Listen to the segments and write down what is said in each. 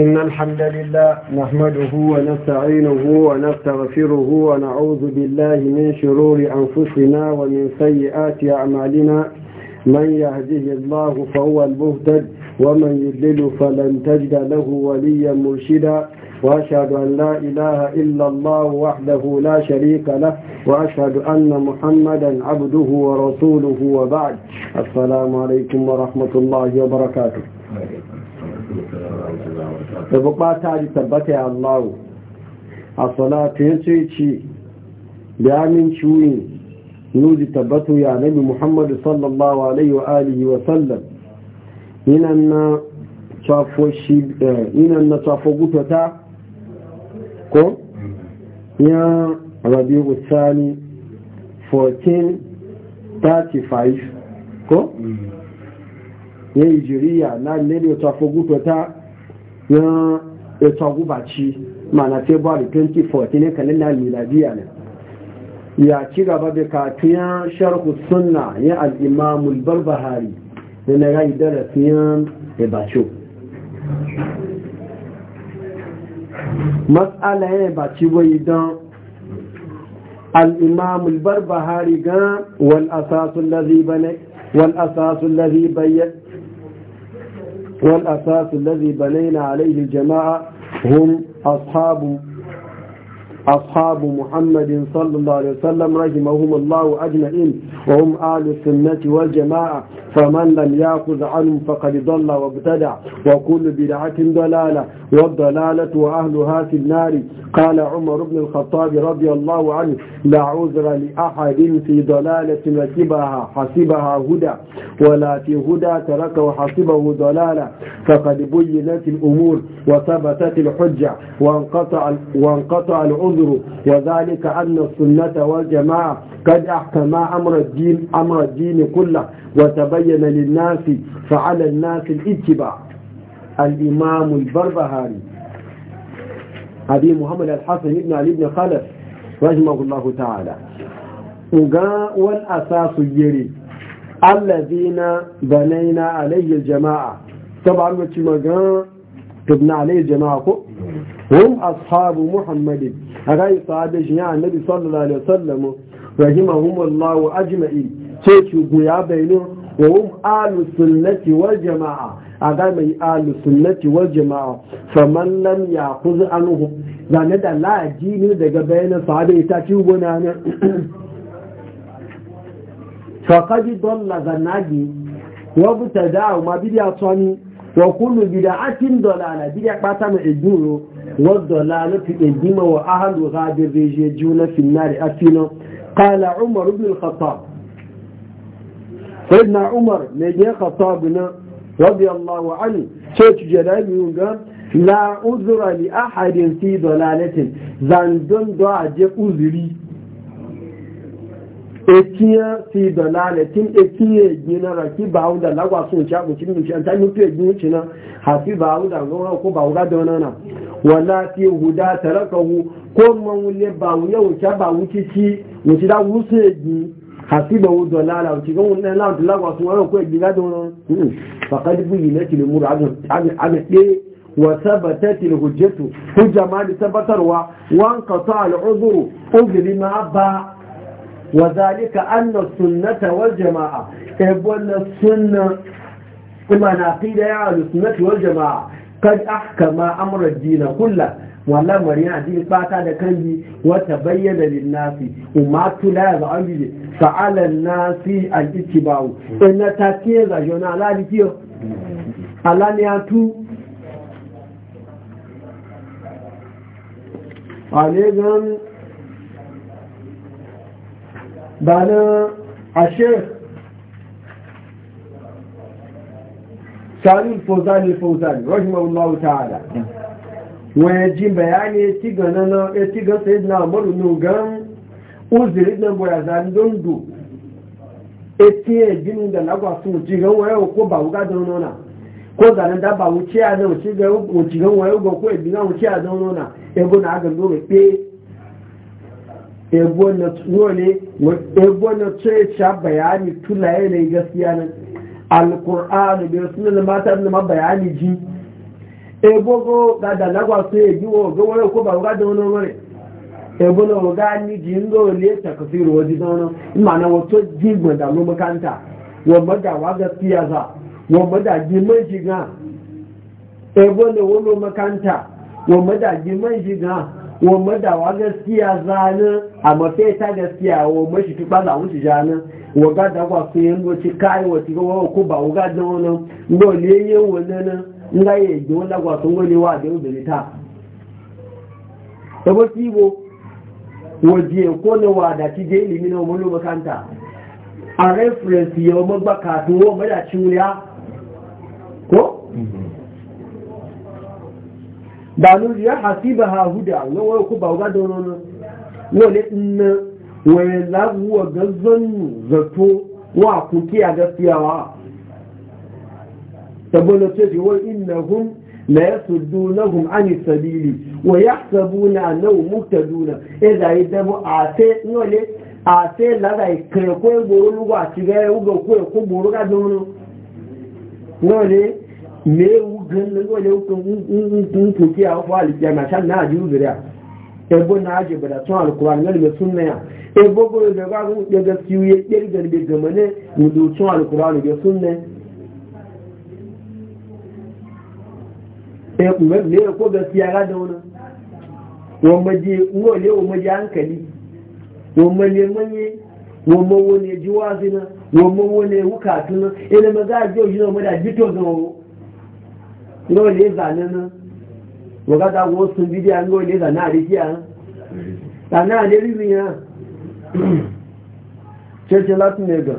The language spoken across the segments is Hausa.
إن الحمد لله نحمده ونستعينه ونستغفره ونعوذ بالله من شرور أنفسنا ومن سيئات أعمالنا من يهده الله فهو المهتد ومن يضلل فلن تجد له وليا مرشدا وأشهد أن لا إله إلا الله وحده لا شريك له وأشهد أن محمدا عبده ورسوله وبعد السلام عليكم ورحمة الله وبركاته da bukata ji tabbata ya Allah a salatu ya ce ce da aminci wuyin nuji tabbatu ya nabi Muhammadu sallallahu alaihi wa alihi wa sallam inan na tafo eh, gutata ko ya rabi'u sani 1435 ko mm-hmm. ya yi jiriya na nile tafo gutata yan eto agubaci mana february 2014 kalenda miladiya ne ya ci gaba da katiyan sharhu sunna ya al'imamul barbahari da na rayu darasin ebacho matsala ya ebaci wai don al'imamul barbahari gan wal asasun lazi bane wal asasun lazi bayyana والأساس الذي بنينا عليه الجماعة هم أصحاب أصحاب محمد صلى الله عليه وسلم رحمهم الله أجمعين وهم آل السنة والجماعة فمن لم يأخذ عنهم فقد ضل وابتدع وكل بدعة ضلالة والضلالة وأهلها في النار قال عمر بن الخطاب رضي الله عنه لا عذر لأحد في ضلالة ركبها حسبها هدى ولا في هدى ترك وحسبه ضلالة فقد بينت الأمور وثبتت الحجة وانقطع, وانقطع العذر العذر وذلك أن السنة والجماعة قد أحكما أمر الدين أمر الدين كله وتبين للناس فعلى الناس الاتباع الإمام البربهاري أبي محمد الحسن بن علي بن خلف رحمه الله تعالى والأساس يري الذين بنينا عليه الجماعة طبعا ما تبنى عليه الجماعة هم أصحاب محمد أغاية صحابة جميع النبي صلى الله عليه وسلم رحمهم الله أجمعين تيكو قويا بينه وهم آل السنة والجماعة أغاية من آل السنة والجماعة فمن لم يأخذ عنهم لأن هذا لا يجيني daga بين صحابة ta ci فقد ضل faqadi وابتدعوا ما بدي butada وكل bidiya ضلالة بدي kullu bid'atin dalala والضلالة إديمة وأهل وغادر ريجيجون في النار أفينا قال عمر بن الخطاب سيدنا عمر مجيء خطابنا رضي الله عنه شيخ جلال يقول لا عذر لأحد في ضلالة زندن دعجة أذري etiye fi dalalatin etiye gina raki ba wanda lagwa sun ci abu cikin dukiya ta mutu na hafi ba wanda gona ko ba wuga da wani na wala fi huda tarakahu ko man wule ba wuya wuce ba wuce da wuce egin hafi ba wu dalala wuce ga wani na lagwa sun buyi na وذلك أن السنة والجماعة يقول السنة كما نقيل يعني السنة والجماعة قد أحكم أمر الدين كله wannan mari na jini fata da kan bi wata bayyana linnasi umma tula ga ambi fa'alan nasi al ittiba'u in na ta ce ga jona alali kiyo alani ya tu ba na ashe salim fauzani fauzani rahimahullahu ta'ala wani ji bayani ya ci gana na ya ci gasa na maru nugan uzirin boyazan eti ya ginin da sun ci gan waye ko ba wuga don nona ko zanen da ba wuce a nan wuce gan waye ko na wuce a don na agan ebo na tsole ebo na tsaye sha bayani tulaye ne gaskiya nan alkur'ani bai suna na mata na bayani ji ebo go ga da lagwa so ya ji wo ga wani ko ba ga da wani wani na ga ni ji ga le ta kafiru waji da wani na wato ji gwa da makanta wa maga wa gaskiya za wa maga ji mai shiga na wani makanta wa maga ji mai shiga wa madawa gaskiya zana a mafi ta gaskiya wa mashi tuba da wuce jana wa ga da kwa su yin wace kai wa tiga wa ko ba wa ga da wannan ngo ne ye wannan nan nga ye do la kwa sun ngo wa da ubiri ta to e boki bo waje ko ne wa da ti je ilimi na mu lo makanta a reference yo magba ka to wa mada chuya ko mhm. Danun nuri ya hasiba ha huda ga wai ku ba ga da wani wani inna wai laguwa ga zannu zato wa ku kiya gaskiyawa saboda ce ce wai innahum la yasuddunahum an sabili wa ya sabu na na, yahsabuna annahum muhtaduna idza e yadabu e ate nole ate la e ga kre ko goro lu ga ti ga u ko ko ko goro ga do nole na ganin wale hukun akwụkwọ a hufu alifiya na shan na ajiyu zuriya ebo na aji bada tun alkuran gani mai sunna ya ebe goyo da gwagun ya gaskiyu ya ƙir gani bai gama ne mudu tun alkuran bai sunna na ya ko gaskiya ga da wani wamma je ngole wamma je hankali wamma ne manye wamma wani jiwa zina wamma na ina a jiyo shi na ngo le na? waga da wo sun bidiya ngo le zanana ri kiya zanana le ri biya ce ce latin ne ga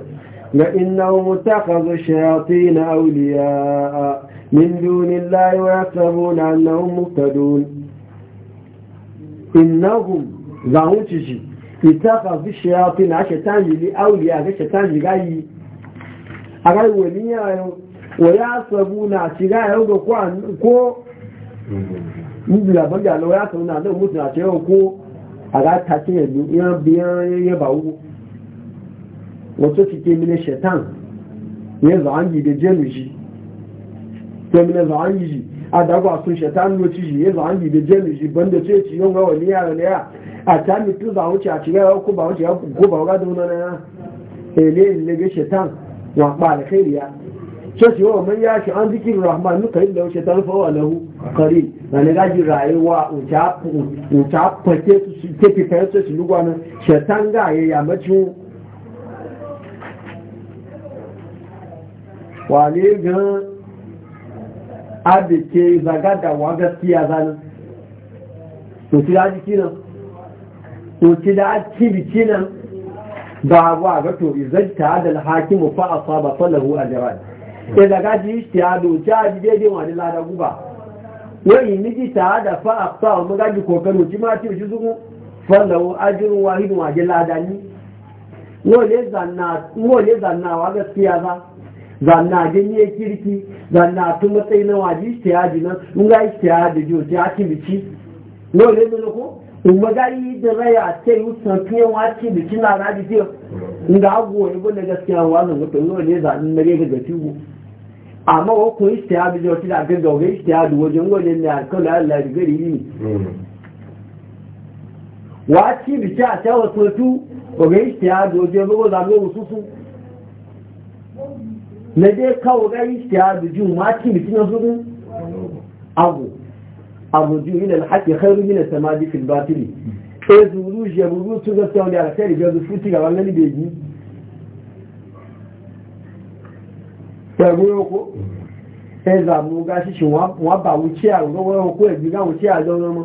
ga innahu mutakazu shayatin awliya min dunillahi wa yasabuna annahum muhtadun innahum zawuci shi itakazu shayatin a shaitan yi awliya ga shaitan yi gayi a ga waliya yau wa ya sabu na shiga a ga ko yi àbọ́jà lọ yàtọ̀ náà náà mú ìrìn àṣẹ ọkọ́ àgátàkì ẹ̀lú yán bí yán bá wú wọ́n yi ti ké mílẹ̀ ṣẹ̀tàn yẹn zàánjì dé jẹ́lù yìí tẹ́mílẹ̀ zàánjì yìí adágọ́ àtún ṣẹ̀tàn ló ti yìí zàánjì dé jẹ́lù yìí bọ́ndẹ̀ tó ti yọ wọ́n ní ààrẹ lẹ́yà àtàmì tó zàwọn ti àṣìyà ọkọ̀ bàwọn ti kó bàwọn gádùn náà ẹ̀lẹ́ ìlẹ́gẹ́ ṣẹ̀tàn wọn àpá àlẹ́kẹ́ ìrìyà so shi wa man ya shi an zikin rahman nuka yin da wuce tarfa wa lahu kari na ne gaji rayuwa wuta fake su su kefi fayar su su lugwa nan ga ya yamacin wale gan abike zagada wa gaskiya zanen wuce da jiki nan wuce da cibiki nan ba wa gato izanta adal hakimu fa asaba falahu ajran ya daga ji ishtihadu jaji daidai wani lada guba wani miji ta da fa afta wa magaji kokaro ji ma ce shi zuku fallawo ajirun wahidun waje lada ni wole zannawa gaskiya ba zanna kirki zanna tun matsayi na waje ishtihadi nan in ga ishtihadi jiyo ta ci bici umaga yi da raya ce yi sanfiye wace bikin na radi fiye inda agwo ya bude gaskiya wannan mutum yau ne zaɓi na rege ga tubu amma wa kun ishta ya bijo shi da gaggawa ishta ya duwa jin wajen da kawai Allah da gari yi wace bikin a cewa sotu ga ishta ya duwa jin ruwa zaɓe wasu su na mm. dai kawo ga ishta ya bijo wace na su agwo الرجوع الى الحق خير من التمادى في الباطل ازولوج يبرو تزتون على خير بيد فوتي قبل لي بيجي تقولوا كو ezi amuga shishi wọn ba wuce a rọwọ ọkọ ẹgbẹ ga wuce a zọrọ mọ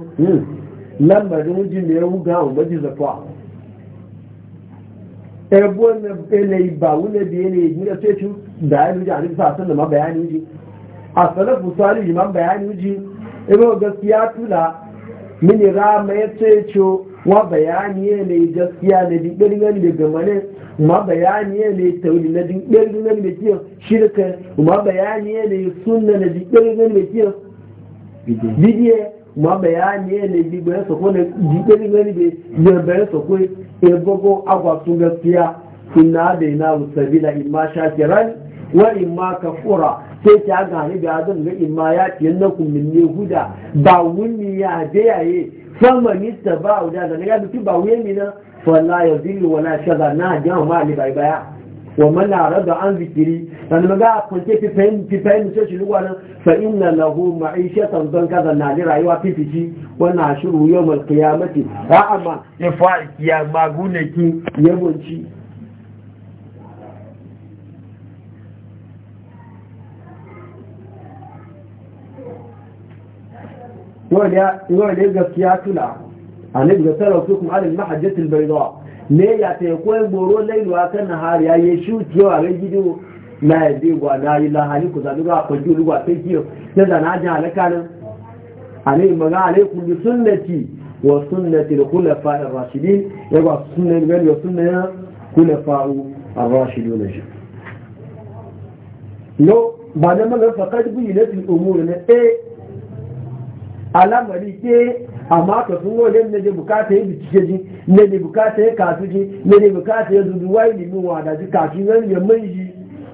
lamba ni wọn ji na ewu ga ọgbọ ji zọpọ a ẹbú ẹna ẹna ibà wúna bi ẹna ẹgbẹ ẹna tó ẹtú dàá ẹnu jẹ àdébísà àtúndà má bàá ní ojú àtúndà fún sọ alẹ yìí má bàá ní ojú ino gaskiya tula mini rama ya ce ce wa bayani ya ne gaskiya na dikbirin yan da gamane ma bayani ya ne tauri na dikbirin yan da kiyar shirka ma bayani ya ne sunna na dikbirin yan da kiyar bidiye ma bayani ya ne dikbirin sako na dikbirin yan da yarbayin sako agwa agwasun gaskiya inna da ina sabila imma shakiran wa imma kafura sai ta gani da zan ga imma ya tiyan na kumin ne huda ba wuni ya jayaye sama nista ba huda da ya duki ba wuye mi na falla ya zillu wala shaza na jan ma ali bai baya wa man arada an zikiri dan maga kunce fi fayin fi fayin sai shi lugwa fa inna lahu ma'ishatan tanzan kaza na da rayuwa fifici wa na yau yawmal qiyamati ma ya fa'i ya magunaki yabunci yau gaskiya tuna a nan ga tsarar su kuma alin mahajjatul baidawa ne ya ta yi koyan goro lailuwa kan har ya yi shuti yau a rai gido na ya bi gwa na yi lahani ku zaɓi ba kwanci ruwa sai kiyo na da na ji a nan a nan maga alaikum bi sunnati wa sunnati da kula fa'in rashidin ya ba sunnan gani wa sunnan kula fa'u a rashidu na shi yau ba na manar faƙar buyi na fi umuru na ɗaya alamari ke amma ka sun wani ne ne bukata ya bincike ji ne ne bukata ya kasu ji ne ne bukata ya zuzu wai limin wada ji kasu yan ya mai ji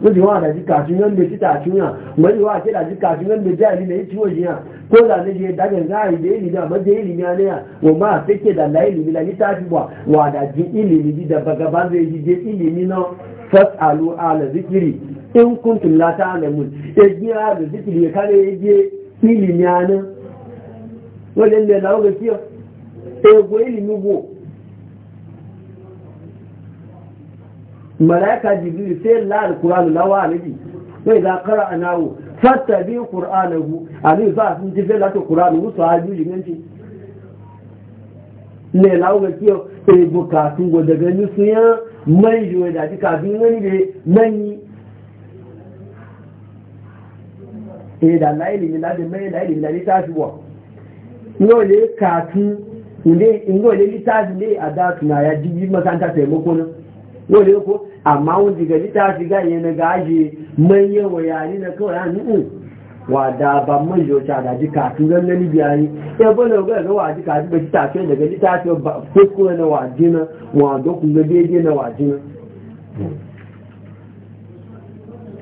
wani wada ji kasu yan da kita cin ya wani wa ke da ji kasu yan da jari da ya ciwo ji ya ko da ne je daga zai da ilimi amma da ilimi ne ya wa ma ke da la ilimi la litafi wa wada ji ilimi da baga ba zai ji je ilimi na fasalu ala zikiri in kuntum la ta'lamun ejiya da zikiri kare ejiye ilimi na wọ́n lè lè láwọ́ gẹ̀ẹ́sì ọ̀ ẹ̀gbọ́ ìlú wò mọ̀láìka jìbìrì fẹ́ láàrín kúránù láwọ́ àlejì wọ́n ìdá kára ànáwó fàtàbí kúránù hu àmì ìfà àti ti fẹ́ látò kúránù wù sọ ájú yìí méjì lè láwọ́ gẹ̀ẹ́sì ọ̀ ẹ̀gbọ́ kàtún gbọ̀dẹ̀gẹ̀ ní sunyán mẹ́yìn ìwé dàbí kàtún wọ́n níbi mẹ́yìn ìdàláìlì mi láti mẹ́yìn láìlì mi láti sáà fi wọ̀ ngole katu inde ngole litafi ne a datu na ya jibi makanta taimako nan ngole ko amma wani diga litafi ga yana gaji manyan wayani na kawai an nu'u wa da ba man jota da ji katu ran nan biya ni ya bana ga ga wa ji katu ba ji tafi daga litafi ba ko ko na wa jina wa do ku ga bege na wa jina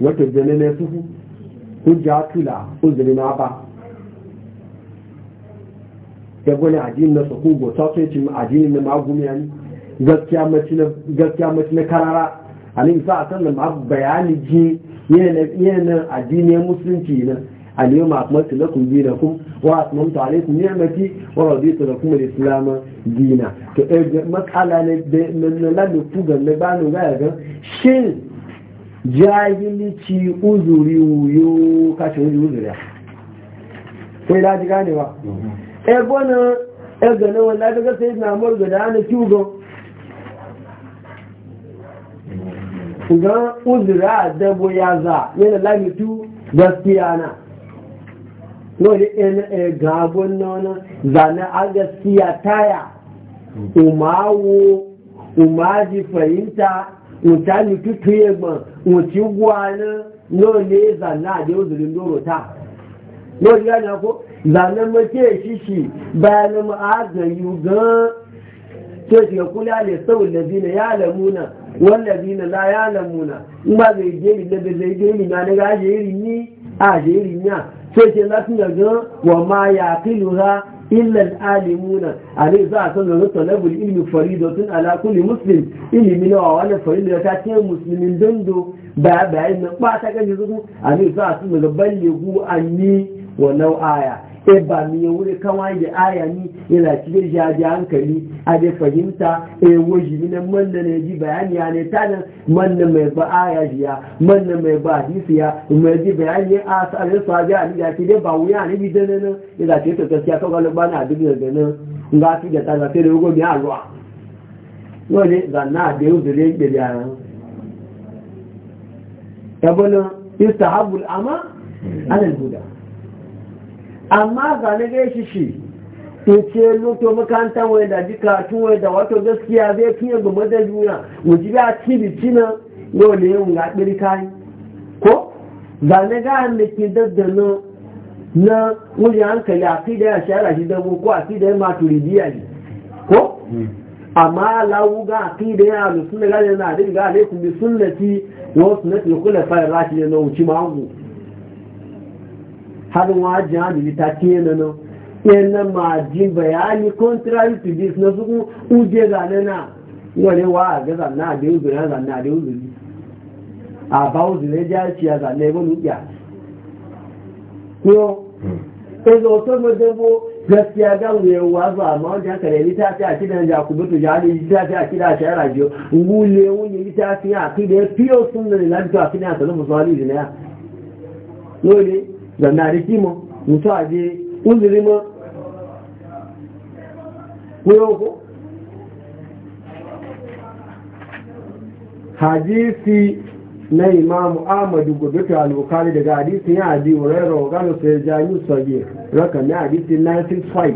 wato jana ne su hujja tula uzuri na ba ya gwani ajiyin na sakun gota sai ci ajiyin na magumi ya ni gaskiya mace na karara a ne sa a san da ma'abu bayani ji yanayin ajiyin ya musulunci na a ne ma kuma su lakun ji na kun wa a sunan tare ku ne mafi wa rabi su da kuma da islamun dina to ɗaya matsala na lalata fugan na bani gaya ga shin ci uzuri wuyo kashe wuri uzuri ya kai daji gane ba mhm. ebo na egane wanda daga sai na morga da ana kyugo ga uzura dabo ya za yana lamitu gaskiya na lori in e gabon nona zane a gaskiya taya umawo umaji fahimta mutane tutu yegban mutu gwanin lori zane a da uzurin doro ta lori gani ko zane mace shi shi bayan ma'azayu gan sai shiga kula da sau da ya lamuna wanda zina la ya lamuna in ba zai je da bai zai je ni na daga ajiyari ni ni a sai ce na suna ga wa ma ya kilu ha illa alimuna a ne za a san da zuwa labul ilmi faridatun ala kulli muslim ilimi na wa wani farida ta ce musulmin dundu ba bayan nan ba ta gani zuku a ne za a suna daga balle gu an ni wa nau'aya e ba mu ya wuri kawa da aya ni yana cikin jaji hankali a da fahimta e eh, waji ni nan man da ji bayani ya ne ta nan man da mai ba aya ya man da mai ba hadisi ya mai ji bayani a sare su haji a liya ce dai ba wuya ne bi da nan yana ce ta gaskiya kawai ba na duk daga nan nga fi da ta sai da yugo biya alwa wani zanna da yau da rai da yaran tabbana istahabul ama alal huda amma zane zai shi shi in ce to makarantar wai da jika tuwai da wato gaskiya zai fiye gama da juna wuji ga cibi cina yau da yau ga ɗiri kayi ko zane ga da ke daddano na wuri hankali a fi da ya shara shi dabo ko a fi da ya maturidiya ne ko hmm. amma lawu ga a fi da ya alusun da gajen na da ga alaikun bi sunnati wasu na tekula fayar rashi ne na wuci mahangu har wajen hajji ta ce na nan yana ma bayani contrary to this na su uje zane na wani wa a ga zane a dai uzuri zane a dai uzuri a ba uzuri ya ci e e a ya wani ya ko ɗaga wata madabo gaskiya ga wuyewa ba amma wajen haka ne a kidan jakubutu jihadi littafi a kidan shayar rajiyo wule wunye littafi a kidan fiye sun ne lafi a kidan a sanar musamman ne na ya zanna da kima mutu a je uzuri ma kuyo ko hadisi na imamu ahmadu gudutu al-bukhari daga hadisi ya hadi hurairah wa gano sai jami sabi raka na hadisi 965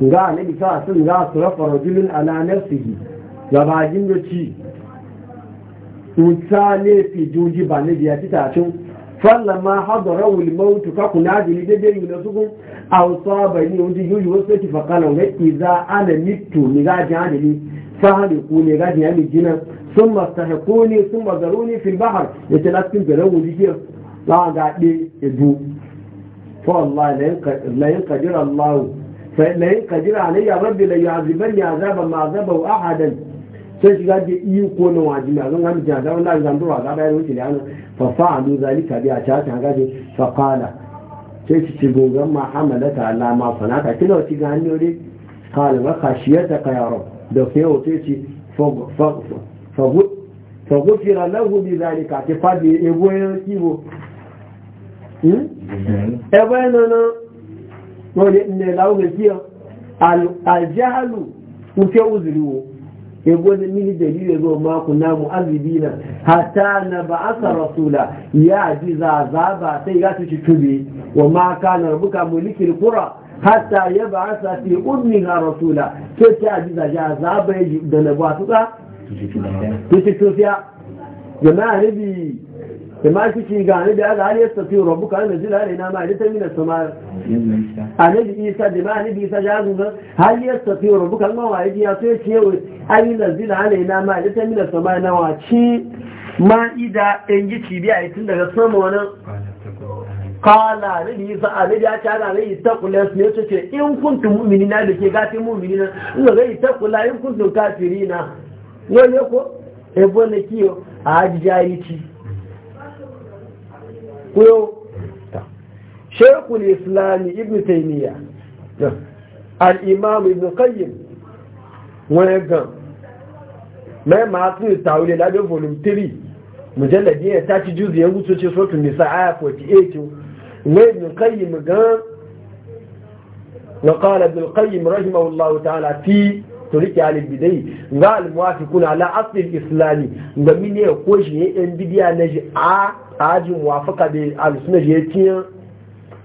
ga annabi sa sun ga rafa rajulun ala nafsihi gabajin da ci mutane fi juji ba ne biya titacin fallama hadarahu al-maut fa kuna jili da dai yuna suku aw sabani wanda yuju wasu ti fa na ga idza ana mitu ni ga jani fa hadi ku ni ga jani jinan thumma stahquni thumma zaruni fi ya bahr yatalaqqin bi rawli jiya la ga de edu fa wallahi la yanqadir Allah fa la yanqadir alayya rabbi la yu'azibanni azaban ma wa ahadan sai shiga da iko na wajibi a zan ga mutane da wallahi zan duwa ga bayan wuce da ففعلوا ذلك بأشاعات هكذا فقال كيف تقول ما حملك على ما صنعت كده وتقول يوري قال وخشيتك يا رب دوكي وتيتي فغفر له بذلك اعتقاد ابوه كيبو ابوه نانا ولئن له كيو الجهل وكيو ذريوه e gwada mini dalili ya zo maku na mu'azzibi na hata na ba'asa rasula ya ji zazaba sai ya tuci tube wa ma kana rabuka mulikil kura. hatta ya ba'asa fi ummiha rasula sai ta ji zazaba da na ba su ka tuci tufiya jama'a nabi ma shi ga ne da aka hali yasta fiye rabu kan najil hali na ma ita mina su ma anabi isa da ma anabi isa ya zuwa hali yasta fiye rabu kan ma wa ya sai ce wai ayi nazil hali na ma ita mina su ma na wa ci ma ida in ji cibiya yi tun daga sama wannan kala ne anabi isa anabi ya ta ga ne ta kula su ne su ce in kuntum mumini na da ke gafi mumini na in ga rai ta kula in kuntum kafiri na yau ne ko ebo na kiyo a hajji jari ci kuyo shekul islami ibn taimiyya al'imam ibn qayyim wani gan mai masu tawuli labin volume 3 mujalladi ya ta ci juzi ya gutu ce sotun nisa aya 48 wai ibn qayyim gan وقال ابن القيم رحمه الله ta'ala fi turiki alil bidai ga kuna ala asli islami ga mine ya koshi ya yan bidiya na shi a ajin wafaka da al-sunna je tiyan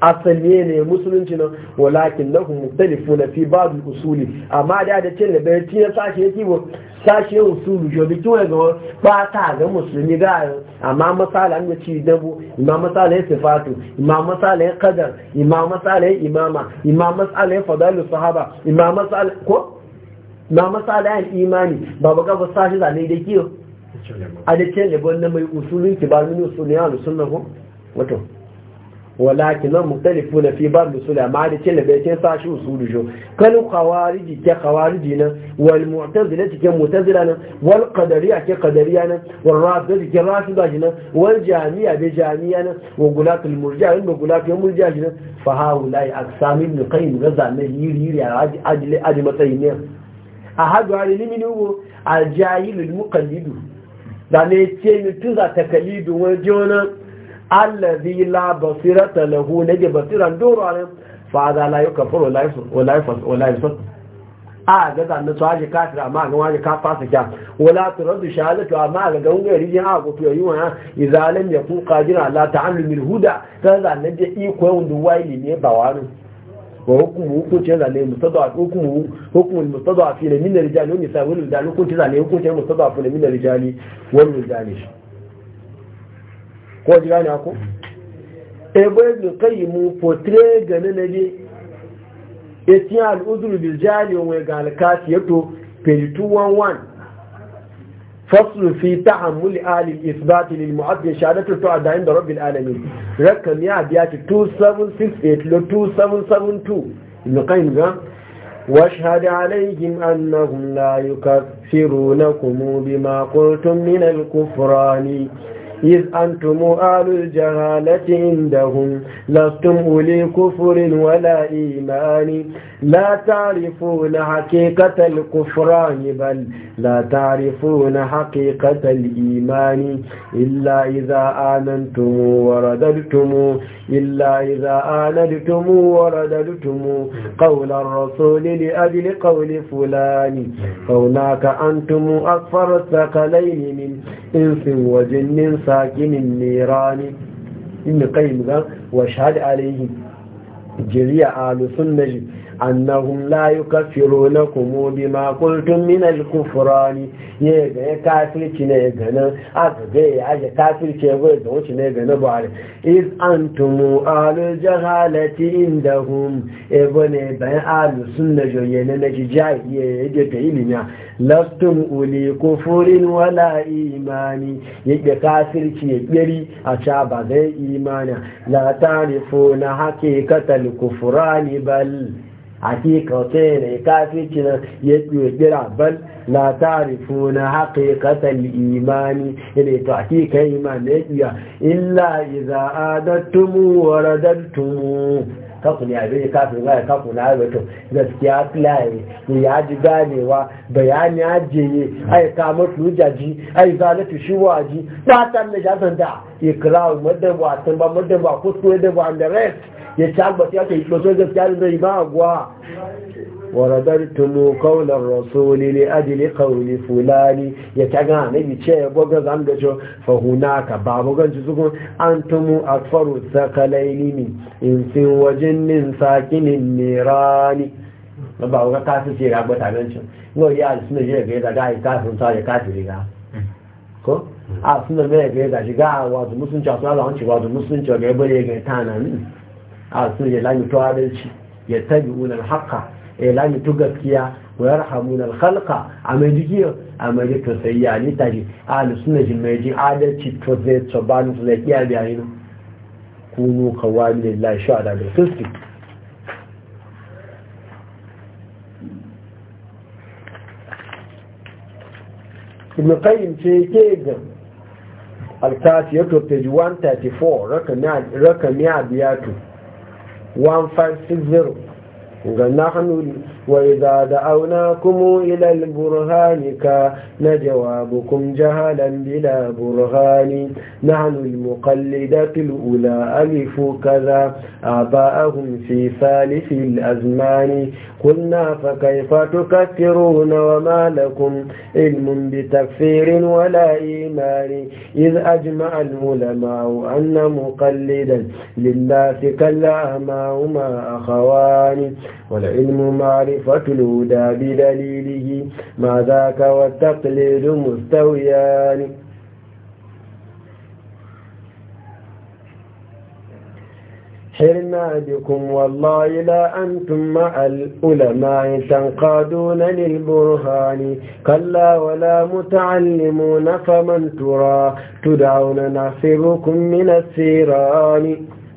asali ne musulunci nan walakin na kuma lahum na fi ba'd al-usuli amma da da cin labar bai sashi ya ba sashi usulu jo bi tuwa ga ba ta ga musulmi ga amma masala an ci dabu imam masala ya sifatu imam masala ya kadar imam masala ya imama imam masala ya fadalu sahaba imam masala ko da masalayan imani ba ba gaba sashi zane da kiyo a da ke lebon na mai usulun ki ba mini usulun ya lusun na kun wato walakin nan muktalifu na fi ba lusul amma da ke lebe ke sashi usulun jo kan kawariji ke kawariji na. wal mu'tazila ke mu'tazila na. wal qadariya ke qadariya nan wal rafida ke rafida nan wal jami'a be jami'a na. wa gulatul murji'a in ba gulatul murji'a nan fa haula aksamin qayyim ga ne yiri yiri a ajli ajli matsayin ne a hadu hari limini wo aljahilul muqallidu da ne ce tun za ta kalidu wani jona allazi la basirata lahu ne basiran doro ne fa za la yukafuru la yusuf wala wa wala yusuf a ga zan da tsaje kafir amma ga wani ka fasa kya wala turadu shahadatu amma ga gangar rijin a kuto yi wa izalam yakun qadira la ta'allumil huda ta zan je iko wanda duwai ne ba wani wa hukumu hukuncin zane hukumu hukumun mustadafi na minar rijali wani sa wani rijali hukuncin zane hukuncin mustadafi na minar wani ko ji gane ako ebe da kai mu portray gane na je etiyan al'udul biljali onwe ga alkasi yato فصل في تعمل آل الإثبات للمعد شهادة تعد عند رب العالمين رقم يا بيات 2768 لو 2772 ابن قيم واشهد عليهم أنهم لا يكفرونكم بما قلتم من الكفران إذ أنتم آل الجهالة عندهم لستم أولي كفر ولا إيمان لا تعرفون حقيقة الكفران بل لا تعرفون حقيقة الإيمان إلا إذا آمنتم ورددتم إلا إذا آمنتم ورددتم قول الرسول لأجل قول فلان فهناك أنتم أكثر الثقلين من إنس وجن صحيح ساكن النيران إن قيم ذا وشهد عليه جريع آل سنة annahum la yukaffirunakum bima qultum min al-kufran ye ga kafirci ne ga aka ga ya ga kafirci ya ga wuce ne ga na bare is antum alu jahalati indahum e bane bayan alu sunna joye ne na jijai ye ga ta ilimiya lastum uli kufurin wala imani ya ga kafirci ya biri a ca ba zai imani la tarifuna haqiqatal kufrani bal hakika sai ne kafirci na ya kira bal la tarifu na haqiqatal imani ne to hakika iman ne ya illa idza adattum wa radattum kaku ne abin kafin ga kaku na ga to gaskiya filaye ne ya ji ganewa bayani ajiye ai ka mutu jaji ai zalatu shiwaji ta tan da jazan da ikrawu madaba tan ba madaba kuskure da ba and the rest ya tabbata ya kai lozo gaskiya da zai ba agwa waradartumu qawlar rasuli li ajli qawli fulani ya kaga nabi ce boga zan da jo fa hunaka ba boga ji zugun antumu akfaru thaqalaini min insin wajinnin sakinin nirani ba boga kasu ce ga bata nan cin no ya suna je ga da ga kasu sa ya kasu riga ko a suna ne ga da shiga wato musunci a suna da hanci wato musunci ga bare ga tana ne a su ya lami adalci ya tabi unan haka ya lami gaskiya wa ya rahamu na halka a mai jikiyar a mai yi tosayya ne tare a suna ji mai ji adalci to zai tsobanu su zai iya biya yi kunu kawai lillahi ne a daga kristi ibn qayyim ce yake ga al to page 134 rakami rakami abiyatu 1560 ga nahnu وإذا دعوناكم إلى البرهان كان جوابكم جهلا بلا برهان نحن المقلدة الأولى ألف كذا آباءهم في ثالث الأزمان قلنا فكيف تكثرون وما لكم علم بتكفير ولا إيمان إذ أجمع العلماء أن مقلدا لله كالأعمى هما أخوان والعلم معرفة معرفة دا بدليله ما ذاك والتقليد مستويان حرنا بكم والله لا أنتم مع العلماء تنقادون للبرهان كلا ولا متعلمون فمن ترى تدعون نحسبكم من السيران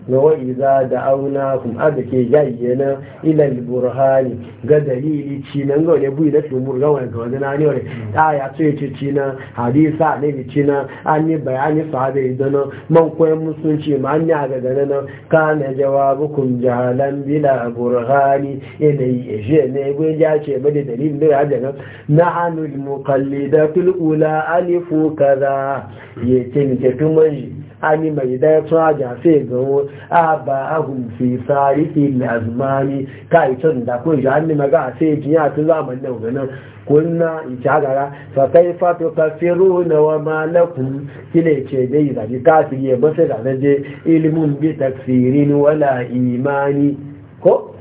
na wa'iza da auna kuma aka ke jayyana ilal burhani ga dalili ci nan ga wani buyi na tumur ga wani kawai na ne wani ya so ya ci nan hadisa ne bi ci nan an yi bayani sahaba idan nan man koyan musulunci ma an yi a gaga nan kana jawabukum jahalan bila burhani yanayi ya je ne gwai ja ce ba da dalilin da ya nan na anul muqallida fil ula alifu kaza ya ce ni tafi manji ani mai da ya tuna jafe ga wo a ba a fi tsarifi na azumani ka ita da ko ji hannu maga sai jiya ta zamanin da ganin kunna ita gara fa kai fa to na kile ce dai da ji kafiri ba sai da je ilimin bi takfirin wala imani ko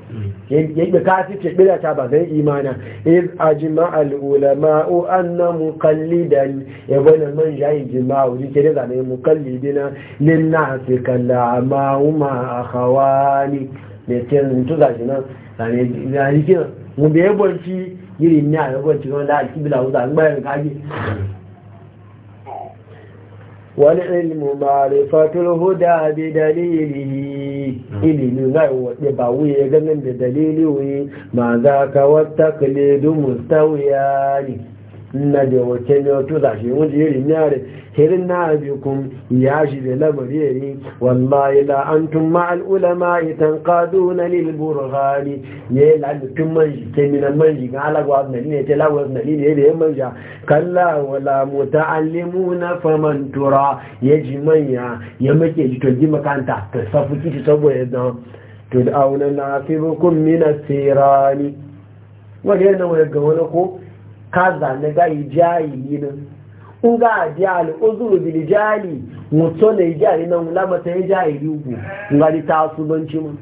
yadda ka fi kebira ta ba zai imana iz ajima al'ulama'u annan mukallidan ya wani man jayi jima'u rike da zane mukallidina na fi kalla ma'uma a hawani da ke rintu zashi nan zane zarikin mu da yabanci yiri ni a yabanci wani da alki bila wuta gbayar kage wani ilmu ma'arifatul huda bi dalilihi Mm. ilimi zai waɗe ba wuye ganin da dalili wuyi ma za ka wata kalidu mustawiya ne na da wake ne wato da shi wanda yiri nyare hirin na abikum ya shi da lamari yayi wallahi la tun ma al ulama tanqaduna lil burhani ye la mutum man shi ke min man shi ga alagwa na ne ce lagwa na ne ne ya man ja kalla wala muta'allimuna faman tura Ya ji manya ya make ji to ji makanta ta safu ki saboda dan to da auna nasibukum min asirani Wani ga yana wani ko kaza na gayi jahili nan in ga a jihali uzuru bil jahili na nan ya jahili ugu nga ta su banci mu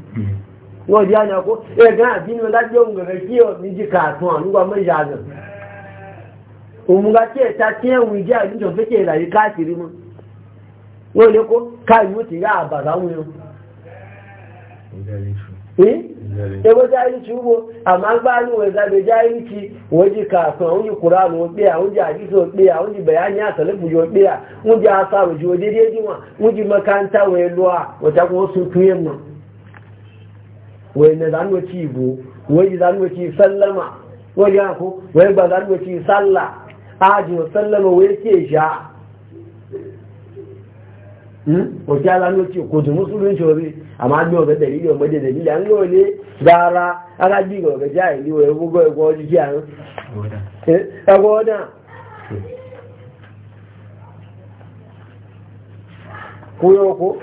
wọ́n di àná kó ẹ̀ gan àti inú kí ọ̀ níjì kààtún àlúgbà mẹ́jà gan iji ga kí ebo jahilci ugbo amma gba ni wai zabe jahilci waje kafin wani kuranu wabe a wani hadisi wabe a wani bayani a salafu wabe a wani asaru ji wa wani makanta wai luwa wata kuma sun tuye mu wai na zanuwa ci igbo ya sallama amma bi ga dalili wa maje dalili an ga wani gara aka bi ga ga jahili wa ya bugo ya ko ji an eh agoda ko yo ko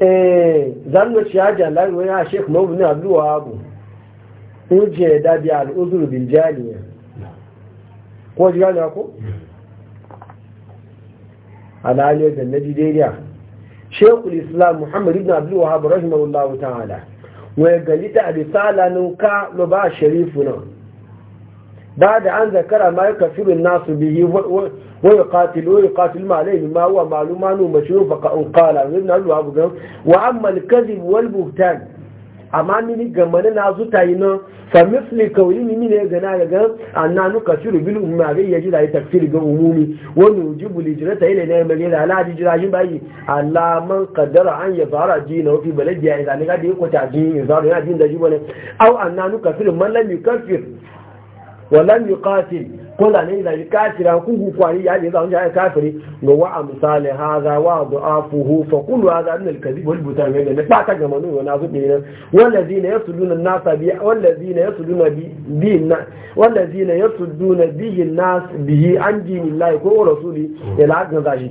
eh zan ga shaja lan wani sheikh mabuni abduwa abu uje da bi al uzur bil jaliya ko ji gane ko alaliyar da najideriya shekul islam muhammad ibn abdul wahab rahimahullahu ta'ala wai galita a risala ka lo ba sharifu na ba da an zakara ma ya kafirun nasu bihi wa yuqatilu wa yuqatilu ma alayhi ma huwa ma'lumanu mashruf fa qala ibn abdul wahab wa amma al-kadhib wal buhtan amma mini gamanin na zuta yi nan famisli kawai mini ne gana ga na nuka shiru bilu umu ga yaji da tafsiri ga umumi wa nujibu li ta yi ne mai da alaji jira shin bayi alaman kaddara an ya fara ji na wafi baladi ya idan ga da ko ta ji ya zaro ya jin da ji wani au annanu kasiru man lam yukaffir wa lam yuqatil ko da ne da kafira ku ku kwari ya je za mu kafiri ga wa amsal hadha wa du'afuhu fa kullu hadha min al-kadhib wal butan ne ga manu wa nazu bi nan wallazina yasuduna an-nas bi wallazina yasuduna bi wallazina yasuduna bi an dinillahi ko rasuli ila ga zashi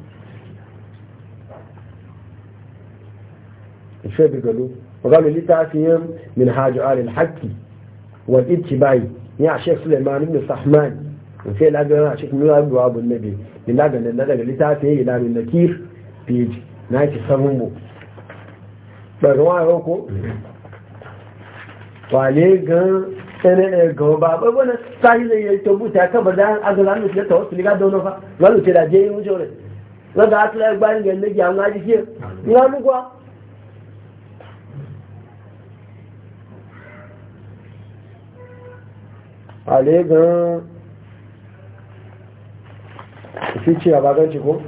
ìfẹ́ bí galo ọ̀gámi lítàfihàn minhajj alilhaki wal ittibai ní àṣẹ suleiman ibn sahman a kábọ̀ dá agbára ní ìṣẹ́lẹ̀ tọ́wọ́ ale gan fi ce a baganci ko?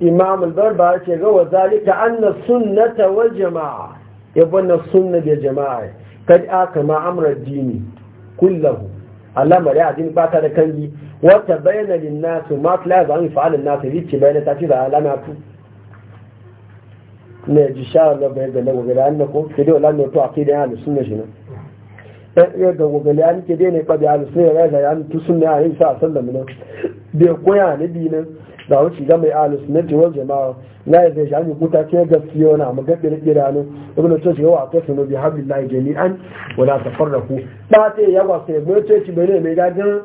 imam albarba ce ga wa zalika anna sunnata wal jama'a yabon na sunna da jama'a kad aka ma amra dini kullahu mare a jini fata da kanji wata bayyana nasu ma fila za mu fa'alin nasu rici bayyana ta fi da alama tu ne ji sha Allah bai da nan gobe an ko ke dai wallahi to da ya da sunna shi Ɗan eh ga eh, gobe an ke dai ne fa da sunna ya ga an tu sunna ya insha Allah mun bai koya na dinin da wuce ga mai alu sunnati wal jama'a na ya zai shafi kuta ce gaskiya wani amma gaskiya da kira ne ibn tosh yawa a tasinu bi habillahi jami'an wala ku ba ta yawa sai mai tosh bai ne mai gajin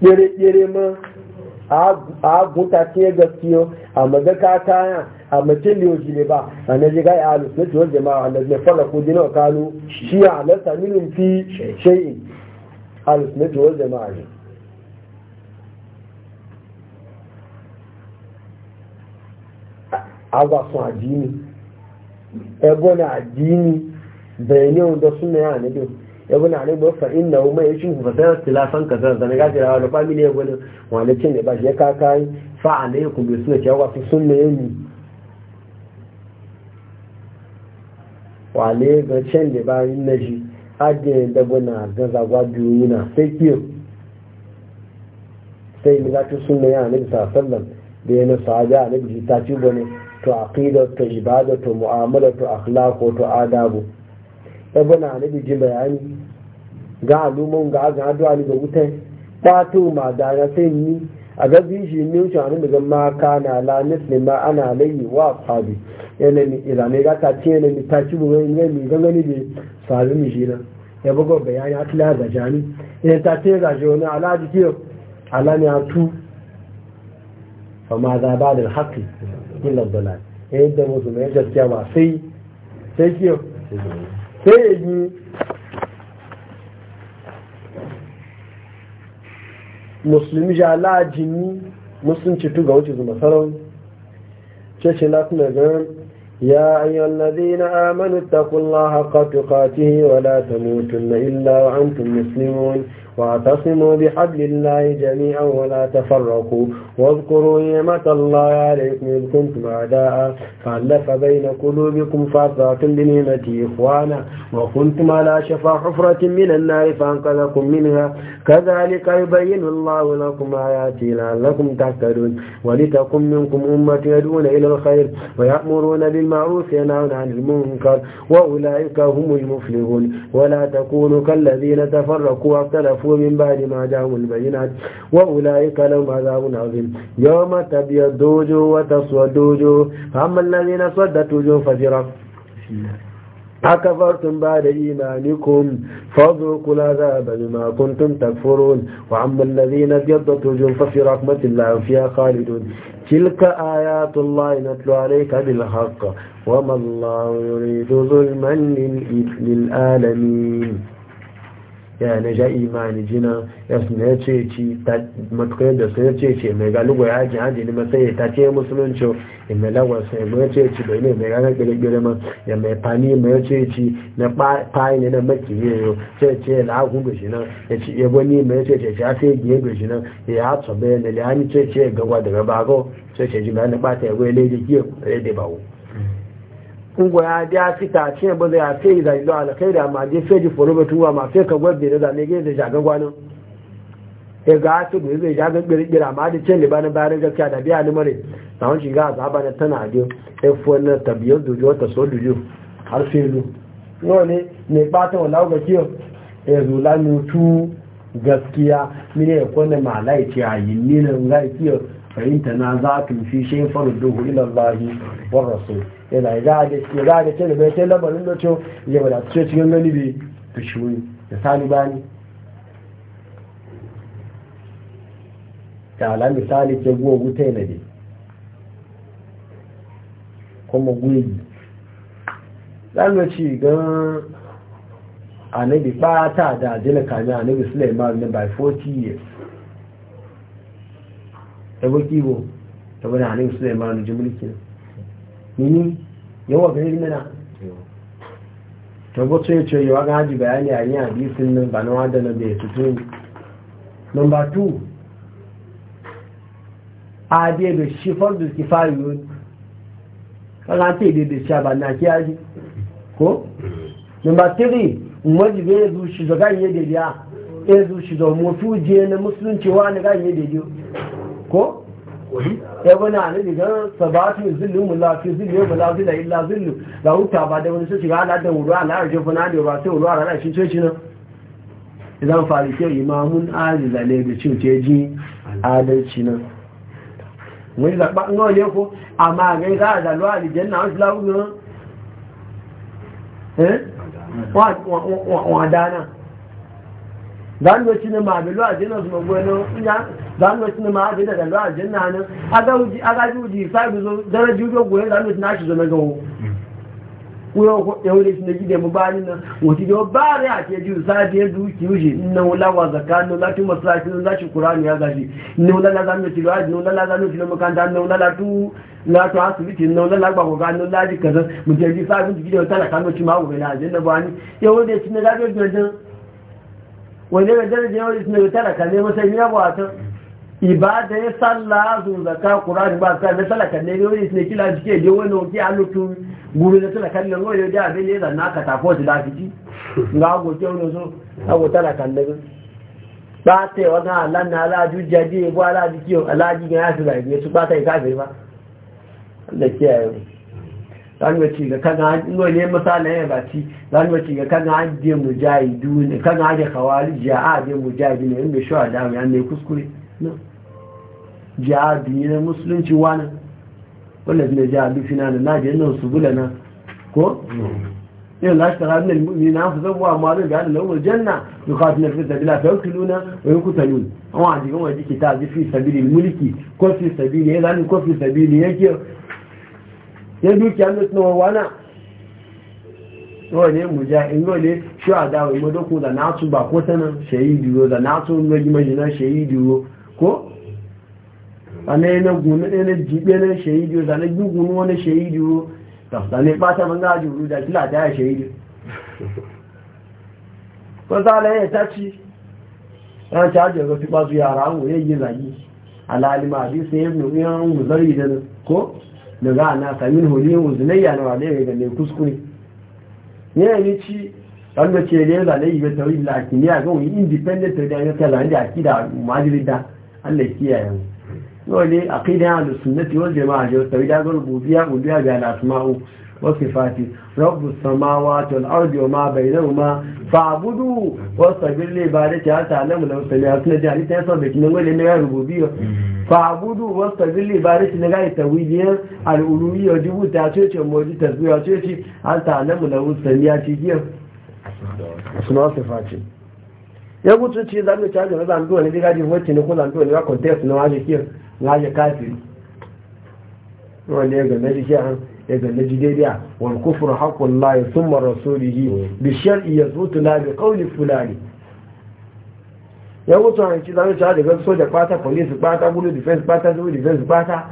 kire kire ma a guta ce gaskiya amma ga ka kaya amma ce liyo shi ne ba a na jiga ya alu sunnati wal jama'a da zai farraku dina wa kalu shi a alasta minin fi shay'in alu sunnati wal jama'a ne agwasun addini ebe na addini bayanin da suna yana na biyu ebe na ne bafa inda kuma ya shi kufa sanar tilafan ka kasar zanen gashi da wani famili ya gwani wani cin da ba shi ya kaka yi fa'a da ya kuma suna cewa wasu sun na yi wale ga can da ba yi na shi ajiye da gwana ga zagwa biyu na sai kiyo sai ni ta sun na yana na bisa sallan da yana a na bisa ta ci gwani to aqida to ibada to mu'amala to akhlaqo to adabu ibn ali ji bayani ga alumun ga ga addu'a ni ga wutai batu ma da na sai ni a ga bi shi ne shi a nuna ma kana la muslim ma ana alayhi wa ashabi yana ni ilane ga ta ce ne ni ta ci bugun ne ni ga gani bi sabi mi shi na ya bugo bayani atla ga jani ya ta ce ga jona ala dikiyo ala ne atu fa ma za ba da haqqi illa dalal yadda mai gaskiya ba sai sai ke sai ya yi musulmi ja lajini musulunci tuga wuce zuma sarau ce na tuna ganin ya ayyuan na amanu taqullaha haqqa tuqatihi wa na tamutunna illa wa antum muslimun واعتصموا بحبل الله جميعا ولا تفرقوا واذكروا نعمة الله عليكم إن كنتم أعداء فألف بين قلوبكم فأصبحتم بنعمته إخوانا وكنتم على شفا حفرة من النار فأنقذكم منها كذلك يبين الله لكم آياتي لعلكم تهتدون ولتكن منكم أمة يدعون إلى الخير ويأمرون بالمعروف ينهون عن المنكر وأولئك هم المفلحون ولا تكونوا كالذين تفرقوا واختلفوا كفروا من بعد ما جاءهم البينات وأولئك لهم عذاب عظيم يوم تبيض وجوه وتسود وجوه فأما الذين صدت وجوه ففرق أكفرتم بعد إيمانكم فذوقوا العذاب بما كنتم تكفرون وأما الذين ابيضت وجوه ففي رحمة الله فيها خالدون تلك آيات الله نتلو عليك بالحق وما الله يريد ظلما للآلمين ya na ja imani jina ya suna ya ce ci matukai da suna ce ce mai galibu ya ajiye hajji nima sai ta ce musulunci ya mai lagos sai mai ce ci bai ne mai gana gire ma ya mai fani mai ce ci na fayi ne na maki yau ce ce ya lagun gashi nan ya ci ya wani mai ce ce ya sai giye gashi nan ya hatsa bayan da ya ni ce ce ya gawa daga bago ce ce ji bayan da bata ya gwai lady giye da bawo ngwa ya da fita ce ba zai fe da ilo alakai da ma je fe ji foro ba tuwa ma fe ka gwabbe da ne ge da jaga gwanin ya ga su e ne zai jaga gbirgbira ma da ce libanin bayan gaskiya da biya limare na e wani shiga azaba na tana adiyo ya fi wani tabiyar dojo ta so dojo har filu yau ne ne ɓata wa lauga kiyo ya e zula mutu gaskiya mine ya kone malai ce a yi nina ngai kiyo fahimta na za ta fi shefar dogo ilallahi wa rasul yana ga da ga ce da bai sai labarin da ce ya bada ce cikin gani bi ta shi da sani bani kala misali ke guwa na ne kuma gwiwi ci gan anabi ba ta da ajiyar kami anabi suleiman ne by 40 years ta baki ta bada anabi suleiman na nini yawa gari nuna tabbato ya ce yawa ga haji bayani a yin hadisin nan ba na wada na bai fito two a dai da shifar da kifari yau kaga ce dai da sha ba na kiyaji ko number three wajibi ya zuci zaga yi daidai ya zuci zo mutu je na musulunci wa na ga yi daidai ko ya bana ne daga sabatu zillu mulaki zillu mulaki la illa zillu la huta ba da wani sai ga ala da wuri ala arje fana da ba sai wuri ala shi ce shi nan idan farike imamun aziza ne da cin ce ji adalci nan mun zaba ngo ne ko amma ga ga da lo aljanna wasu lawo eh wa wa wa dana zanwe cini ma bi lo ajina su magwe no nya zanwe cini ma bi daga lo ajina ne aga uji aga uji sai zo dara jugo go zanwe cini ashi zo mago wo ko e wole cini gide mu bani na woti do bare a ke ju sai de du ki uji na wala wa zakano lati maslaki na shi qur'ani ya gaji ne wala la zanwe cini aji ne wala la zanwe cini makanta ne wala la tu la to asibiti na wula la gba ko gano la di kaza mu je ji sai du gide wala la kano ci ma wo na ajina bani ya wole cini da do do wanda ga darajar yawon isna ga talaka ne mutum ya buwata ibada ya salla su zaka kurani ba ka na talaka ne yawon isna kila jike je wani oke alutun guri na talaka ne wani yau da abin ya zanna ka su da fiti ga agoke wani so ago talaka ne ba ta yi wani alan na alaju jaji ya bu alaji kiyo alaji ga ya zage su ba ta yi kafin ba da kiyaye zanuwa ce ga kan hannu ne misali ya baci zanuwa ce ga kan hajjiyar mujahidu ne kan hajjiyar kawari jihadi mujahidu ne inda shi a dami ne kuskure ne musulunci wani wanda zai jihadi fina na naji yana su bula na ko yin ranar su zabuwa malu ga janna yukatu na fi sabila ta yankin nuna wa yanku an wa jikin jiki ta ji sabili mulki ko fi sabili ya zani ko fi sabili ya dukiya mutu da suna wana wane mujahid wane shuhada wa madoko da nasu ba ko tanan shahidi ro da nasu nagi majina shahidi ro ko ana yana gunu yana jibe na shahidi ro da na gunu wani shahidi ro da sane bata ban gaji ro da kila ta ya shahidi ko zala ya taci ran ta je ga fi bazu yara mu yi zagi alalima bi sai mu yan muzari da ko da za a nasa min huliyar wuzunayya na wadai ga mai kuskure yana ne ci wanda ce da ya zane yi bai tauri da kimiyya ga wani independent da ya kaza da akida majalida Allah kiyaye mu dole aqida ya da sunnati wal jama'a da tauri da rububiyya rububiyya ga al-asma'u wa sifati rabbus samawati wal ardi wa ma bainahuma fa'budu wa sabir li ibadati hatta lam law sami'a sunna da ta sabbin wani ne rububiyya fa'abudu wasu tabili ba rishi na gani tawiliyar al'uluri yau dubu ta cece mori ta zuwa cece an ta alamu na wusan ya ci giyar suna su face ya gutu ce za mu caji na zanduwa ne diga jin wacce ne ko zanduwa ne ba contest na waje kiyar na waje kafiri wanda ya gane jiki an ya gane jidediya wal kufur haƙƙun layi sun mara sorihi bishiyar iya zutu na bi ƙauli fulani ya wuce a yanki zanen shahada gan soja kwata polisi kwata gudu defense kwata civil defense kwata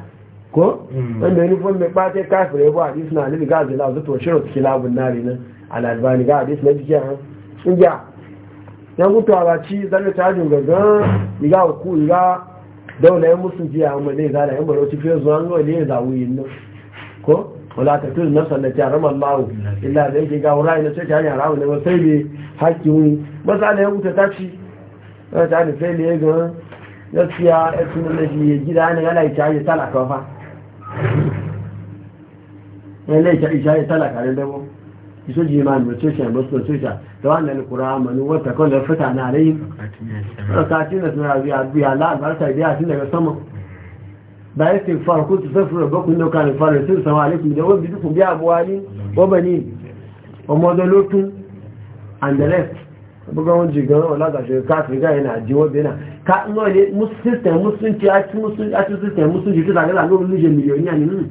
ko hmm. wanda uniform mai kwata ya kafin ya buwa hadis na alibi gazi la zuto shirin suke labun nari nan al'albani ga hadis na jikiya han tsingiya ya mutu a baci zanen shahadin gangan iga huku iga daula ya musu ne ne ko rama mawu illa yake ga na sai ta ne sai hakki matsala ya mutu ta ci yau ta da sai liye gan gaskiya ya tuna na shi ya gida ne yana ita ya talaka fa yana ita ita ya talaka ne dabo iso ji ma mai tushen basu tushen da wannan kura manu wata kan da fita na rai rakati na suna biya biya la albarka biya tun daga sama ba ya ce farko su safi rabakun da kan fara sun sama alaikum da wani biya buwani wa bani wa lotun and the rest bugan jigan wala ga shi kafin ga yana jiwo bena ka no ne musistem musunci a ci musunci a ci sistem musunci ta ga zalo luje miliyoyi ne ne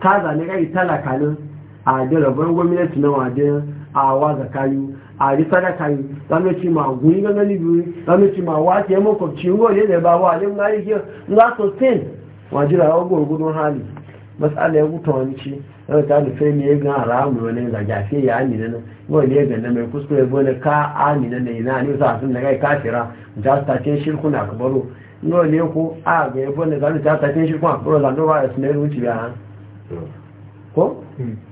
ka za ne ga itala kanin a da rabon gwamnati na wade a waza zakayu a tsada sadakayu zamu ci ma guni ga gani biyu zamu ci ma wa ya mu kwabci ngo ne da ba wa ne ngari ke ngaso tin wajira wa gurgudun hali ala ya gutu wani ci yau ta da lufe ne ya gan haramu wani ga jafe ya amina nan yau ne ga ganda mai kuskure bane ka amina na ina ne sa sun daga kafira da ta ce shirku na kabaro no ne ko a ga ya bane da ta ta ce shirku na kabaro da dawa ya ne ruci ya ko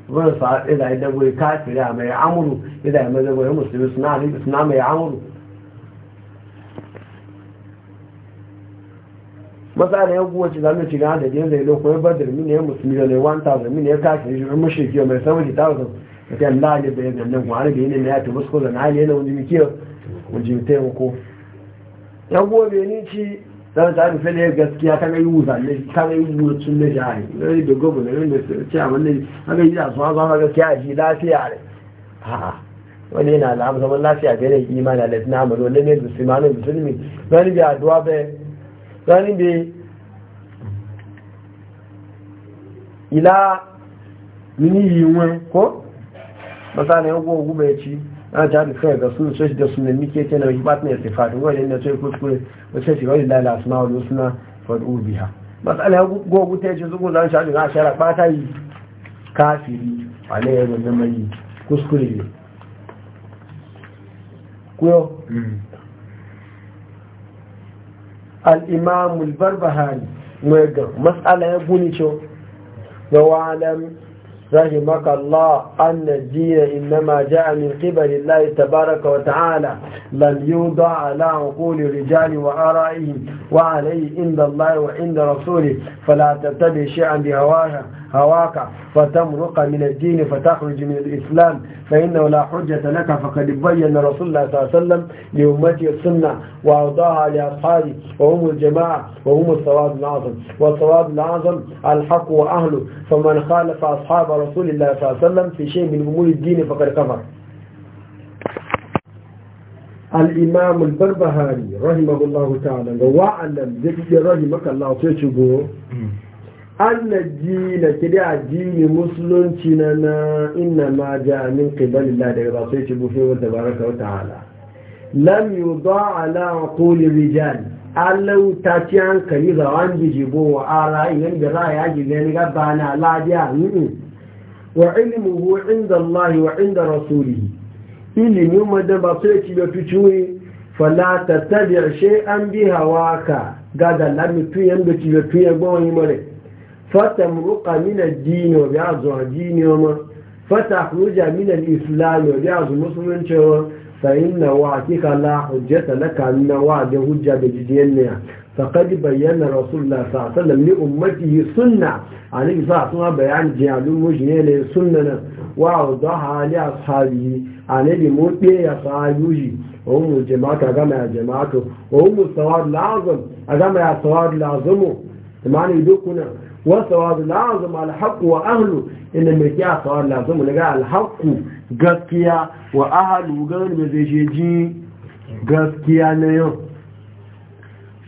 wani sa'a ila da dago kafira mai amuru ila ya mazago ya musulmi suna mai amuru masala ya guwa ci zamu ci gana da jin zai lokacin ya badar mini ya musu da ne 1000 mini ya kashe shi mu shi kiyo mai 70000 da Allah ne bai nan nan wani da yene ya tabbas ko zan hali na wani mikiyo wani taimako ya guwa bai ni ci dan ta yi fele gaskiya ta ga yi wuza ne ta ga yi wuza tun ne jari ne da gobe da ne ce wani ne ga yi da su hazo zama gaskiya ji lafiya ne wani yana da zaman lafiya ga ne imani da na amalo ne ne musulmanin musulmi wani bi addu'a bai wani bai ila mini yi yiwuwan ko masana yau gogu bai ci ana ta duka ga suna sai da suna mike ta na ba hibatna ya sifatu wani e ne sai kuskure wasu shi wani lala suna wani suna faɗo biya masana yau gogu ta ce zugun zan shaɗu na shara ɓata yi kafiri a ne yau da mai kuskure ne kuyo mm. الامام البربهاري مسألة يقولي شو وعلم رحمك الله أن الدين إنما جاء من قبل الله تبارك وتعالى لم يوضع على عقول الرجال وآرائهم وعليه عند الله وعند رسوله فلا تتبع شيئا بهواها هواك فتمرق من الدين فتخرج من الإسلام فإنه لا حجة لك فقد بين رسول الله صلى الله عليه وسلم لأمته السنة وأوضاها لأصحابه وهم الجماعة وهم الصواب العظم والصواب العظم الحق وأهله فمن خالف أصحابه رسول الله صلى الله عليه وسلم في شيء من أمور الدين فقد كفر الإمام البربهاري رحمه الله تعالى وعلم ذكي رحمك الله تشبه أن الدين كده الدين مسلم تننا إنما جاء من قبل الله لغضا تشبه فيه تبارك وتعالى لم يضاع على عقول الرجال alau ta ci hankali ga wani jibo wa ara yin da za a yaji gani gabana lafiya nini wa cilmi hu wa a inda yalahi wa a inda rasuluhu ilmin wadda ba sai kiba tukin wuni fallata tabiya shai an bi hawaka ka ga da lambe tukin yan da kiba tukin yan gba wani mada fata mu rukai muni a dina o ya ma fata a ku wujan islam wa a ci kala a ajiye talaka a min a wa a da wujan فقد بيّن رسول الله صلى الله عليه وسلم لأمته سنة عليه الصلاة والسلام بيان جعل المجنين لسنة وعوضها لأصحابه عن المؤمن يصعيوه وهم الجماعة أجمع الجماعة وهم الصواب العظم أجمع الصواب العظم معنى يدوكنا والصواب العظم على حق وأهله إن جاء الصواب العظم لقاء الحق قسكيا وأهله قال بذي جي قسكيا نيوم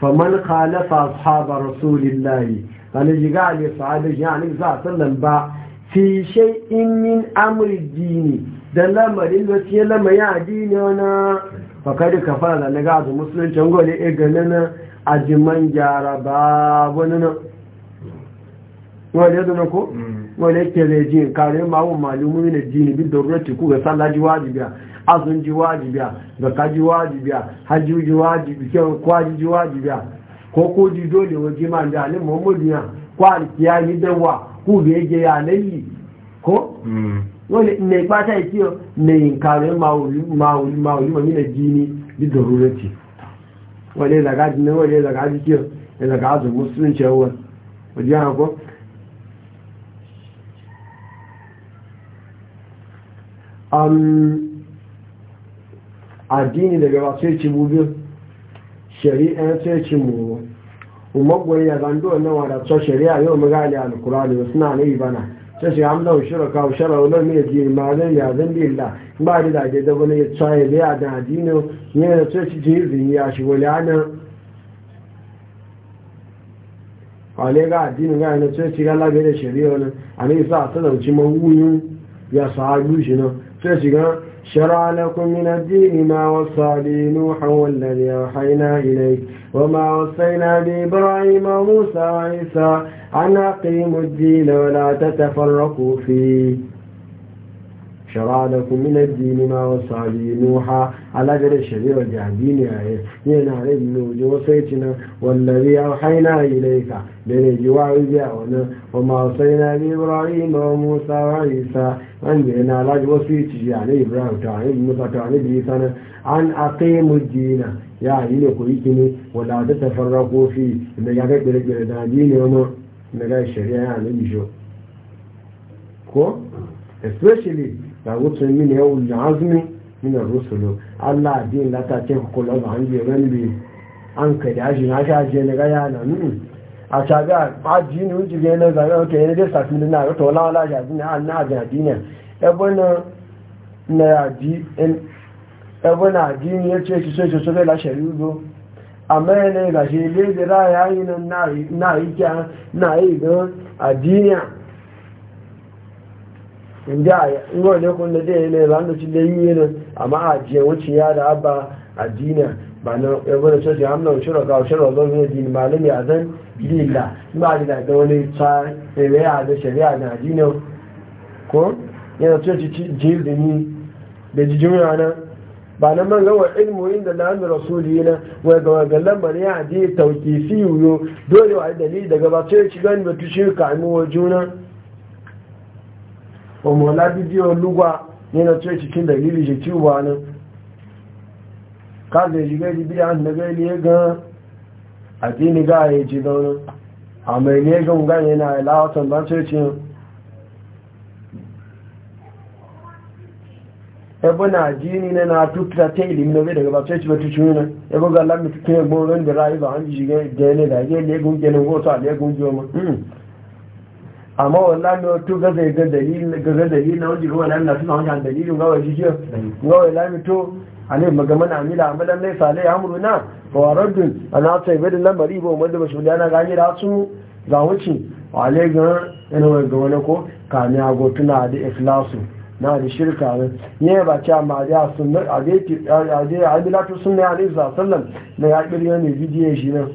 faman khalafa ashaba rasulillahi kana jiga ali sahabi yani za sallan ba fi shay'in min amri dini da lamarin da ce lamarin addini wana fakad kafara na ga da musulunci gole e ganana wale ko wale ke zai ji kare ma'un bi da rurati ga sallaji wajibiya azun ji wajibiya zaka ji wajibiya hajji ji wajibi kyau kwaji ji wajibiya ko ko ji dole waje ma da ne muhammadu ya kwali kiya ni dawa ku be ge ya nayi ko mm. wani ne ba ta yi ne kare mawuri mawuri mawuri mani na jini bi darurati wani daga jini wani daga ji kiyo ne daga azun musulunci yawon wajen ko um addini daga ba sai ci bugu shari'a sai ci mu umar ya zando na wada ta shari'a yau magali alkurani wasu na nai bana sai shi hamza wa shirka wa shara wa lamar yaji ma zan ya zan bi illa ba da da da wani ya tsaye da ya da addini ne da sai ci ji zin ya shi wani ana kwale ga addini ga yana sai ci gala bai da shari'a wani a ne sa ta dauci mawuyin ya sa shi nan sai shiga شرع لكم من الدين ما وصى به نوحا والذي أوحينا إليك وما وصينا به إبراهيم وموسى وعيسى أن أقيموا الدين ولا تتفرقوا فيه شرع لكم من الدين ما وصى به نوحا على غير الشريعة جاهدين يا يعني. ينا يعني ابن وصيتنا والذي أوحينا إليك بين جواعي وما وصينا بإبراهيم وموسى وعيسى an yi na alaji wasu ya ci a ibrahim ta hanyar musa ta hanyar da ya sana an aqimu dina ya yi ne ku yi kini wala ta tafarra kofi da ya ga kire-kire da ji ne wani na ga shari'a ya na bisho ko especially da wutsun mini ya wuce azumi minar rusulu allah din lata ce kula ba an je wani bi an ka da na shi na ga yana nuna àṣàgbà àjí ní oúnjẹ ẹ̀nà ìgbàrí ọ̀tọ̀ ẹ̀rẹ́ dé sàfihàn náà rọ̀tọ̀ ọláwọ́lá àjàdí náà na náà ẹgbọ́n àjí ní ẹ̀tọ́ ìṣẹ́ ìṣẹ́ ya láṣẹ̀rí ugbó àmẹ́ẹ̀nà ìgbàṣẹ́ ilé ìdẹ́rà ayé náà náà da yi a na wuce ya da abba addina ba na bidinillah ba da da wani shari'a da shari'a da addinin ko yana ce ci jil da ni da jijimiya nan ba nan man gawa ilmu da na hannu rasuli na wai ga wagan lambar ya ajiye tauki fi yuyo dole wa dalili daga ba ce ci gani batu shi ka amu wa juna wa mola bidiyo lugwa yana ce cikin dalili shi ciwo ba nan ka zai shiga jibi an daga ne ga addini ga ya ji zaunin a mai ne ga ungan yana ilawatan ba ce ce ebe na addini ne na tuta ta ilimin da daga ba ce ce batu ci nuna ebe ga lamu tuta ya gbogbo da rayu ba hanji shiga da ya ne da ya legun genin wasu a legun joma amma wallahi ne to ga zai ga dalilin ga dalilin na wajen ruwa wallahi na suna wajen dalilin ga wajen shi ga to alai magaman amila amalan laysa alai amruna wa raddun ana ta da lamari ba umar da mashuli ana gani da su ga wuce alai ga ina ga wani ko kani ago tuna da ikhlasu na da shirka ne ne ba ce amma da sunna a da a da amilatu sunna alai sallam na ya kirya ne bidiyon shi nan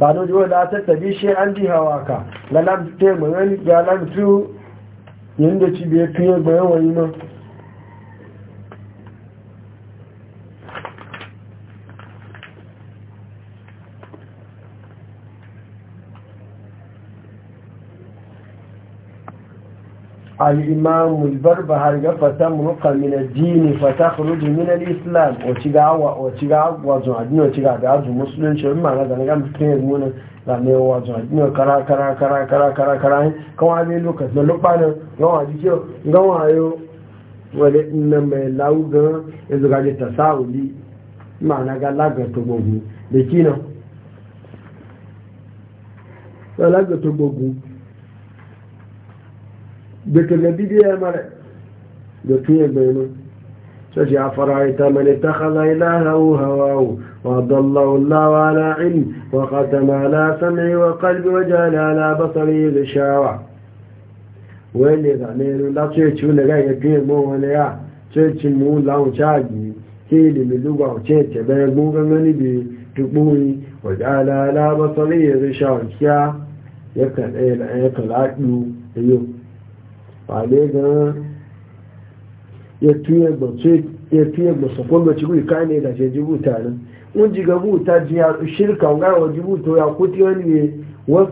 ba da wani da ta tabi shi an ji hawaka lalam yendachibia pie gbaya wayina. Ayima iwibaribahara, ebe ịbata barba har dịịnị ịbata kuruz ịmịnụ islam o kyege a wa o kyege a wa zụọ o kyege a ga zụọ musulmi chọrọ m ma na-aga na-aga na mpịa ịmụ na. zane wa zuwa ne kara kara kara kara kara kara kawa ne lokaci na lokpanin gawa n'o gawa yo wale ina mai lauga ya zuga ji ta sa'uli ma'ana ga lagar togogu da kina da lagar togogu da kaga bidiyar mara da tuye bayanin sai ya fara ita mani ta khala ilaha hawa وأضله الله على علم وختم على سمعه وقلبه وجعل على بصره غشاوة wani zane la ce ci wani ga ya fiye ya ce ci mu la o cha gi ke le mi lu wa o che che be mu ga ngani da ya sha o kya ya ka e la e ka la du yo pa le ga ya tuye ya tuye gbo so ko gbo ci ku ka ne da je ji bu ta wọ́n jí gabu ta jí a ṣírka ńgára wọ́n ya kó tí wọ́n lè ne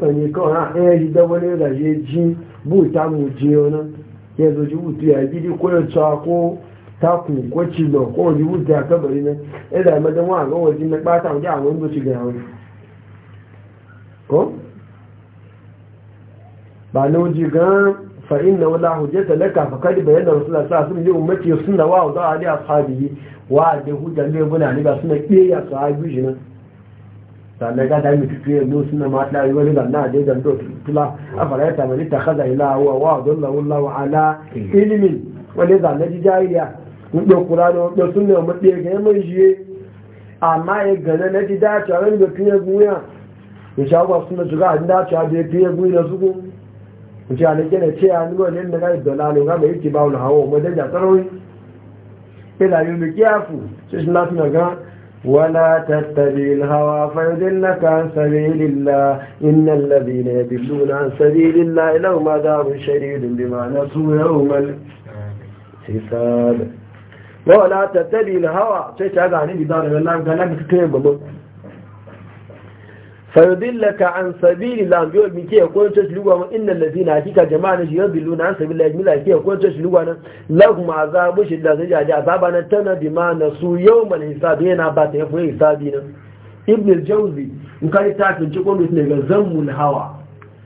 sànyẹ kọ́ ha ẹ̀yẹ jí ji ní ìrìnà yẹ jí ji mú jí ọ̀nà yẹ zọ jí ya gidi dí kóyọ̀ tó a kó takùn kó ti lọ kó wọ́n jí búta ya kábàrí náà a ìmọ̀dé wọn àgọ́ na wuji gan fa'in na wala hujjata laka fa kadi rasulullah sallallahu wa ali wa da hujjar da buna ni ba suna kiyaye su a biyu ne sannan ga da mutu kiyaye no suna ma da yi wani zanna da da do tula a fara ta ta kaza ila wa wa dalla wallahu ala ilmin wani zanna ji jahiliya mun da qur'ani da sunna mun da ga mun shi amma ya gana na ji da ta ran da kiyaye guya ya shawo suna zuga da ta da kiyaye guya su ko mutane gane ce a ni wani da ga dalalo ga mai ki bawo hawo madan da tsarawai إلى يوم كيافو شجنا سنقا ولا تتبي الهوى فيضلك عن سبيل الله إن الذين يضلون عن سبيل الله لهم عذاب شديد بما نسوا يوم الحساب ولا تتبي الهوى هذا عن دار الله قال لك تتبع fayyadillaka an sabili lambiyo miki ya kone coci lugwa wa inna lafi na hakika jama'a na shi yau bilu na an sabi lafi ya kone coci lugwa nan lagu ma za shi da zai jaji a zaba na tana bi ma na su yau mana hisabi na ba ta yafi hisabi na. ibn jauzi in ka yi tafi ci kone su daga zammul hawa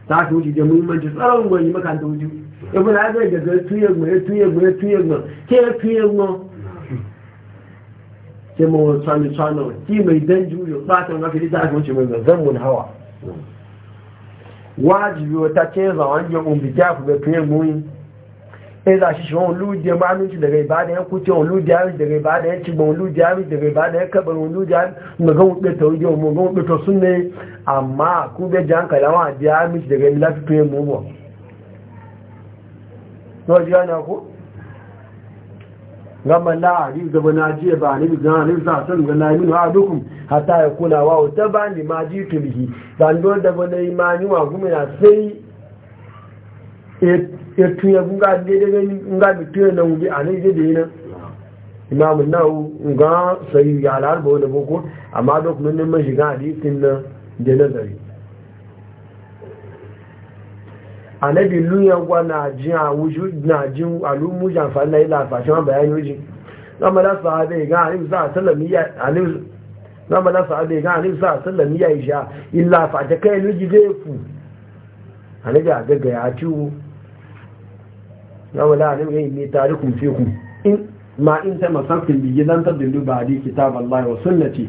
ta fi wuce jami'in manci tsaron gwani makanta wuce ibn hajjar da ga tuyar mai tuyar mai tuyar mai ke tuyar mu? sai mu sami tsano ki mai dan juyo fatan ga fili ta ga wuce mai zan mun hawa wajibi wata ce za wanje un bi ta ku ga kai mu e za shi shi won luje ma nun ci daga ibada ya ku ce won ya daga ibada ya ci bon luje ya daga ibada ya kabar won luje ya mu ga wuce ta wuje mu ga wuce to sunne amma ku ga jankala wa biya mi daga lafiya mu mu to ji ana ku gama la'ari zama na jiya ba ni bizan ni za san ga na yi ha dukum hatta ya kula wa ta ba ni ma ji tulhi dan don da bana imani wa gumi na sai ya tuya gunga da daga nga bi tuya na wuji a nan da na imam nawu nga sai ya alarba wani boko amma dokunan ne mashiga hadisin na da nazari anabi luyan wa na jin awuju na jin alumu janfani na ila fashin bayan yoji zama da sahabe ga alim sa salamiya alim zama da sahabe ga alim sa salamiya isha illa fashin kai yoji zai ku anabi a daga ya ciwo zama da alim ga yi mai tarikun fi ku ma in ta bi masarfin bigilantar da lubari kitab Allah wa sunnati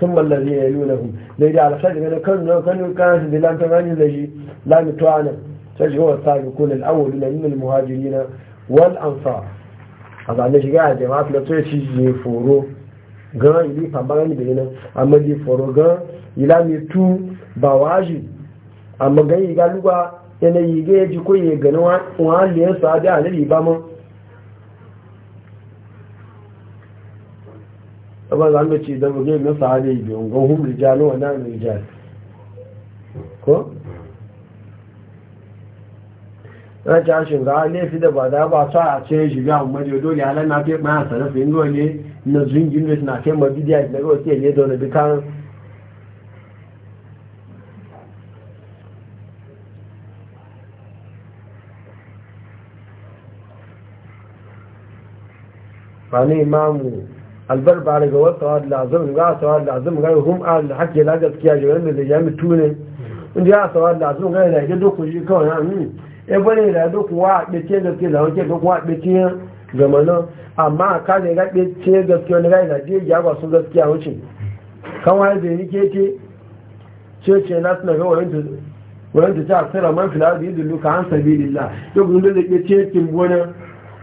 ثم الذين يلونهم ليدي على شيء كانوا كانوا كانوا كانت بلان تغاني لجي لا متوانا تجي هو السابقون الأول من المهاجرين والأنصار هذا عندما شجاعة جماعة لا تشي فورو gan ili fambara ni bayina amma di foro gan ila mi tu bawaji amma gan yi galuwa yana yi ga yaji ko yi ganin wa le sa da alali ba amma za mu ce da mu zai nasa hali biyun ga hun rijal wa nan rijal ko na ci ashin ga da ba da ba sa a ce shi ga amma ne dole halar na fi ma na zungin ne na ma bidiya da ga ne da ba ne imamu albar ba daga wasu sawar da azumin ga sawar da azumin ga hum al hakke la gaskiya jiran da zai yami ne, inda ya sawar da azumin ga da ya doku shi kawai amin ya bane da doku wa da ce gaskiya da wake doku wa da ce zamana amma ka ne ga da ce gaskiya ne ga da je ya ba su gaskiya wuce kan wani da yake ce ce ce na suna ga wayan wayan ta ta sara man fil ardi yudillu ka an sabilillah to gundu da ke ce kin bona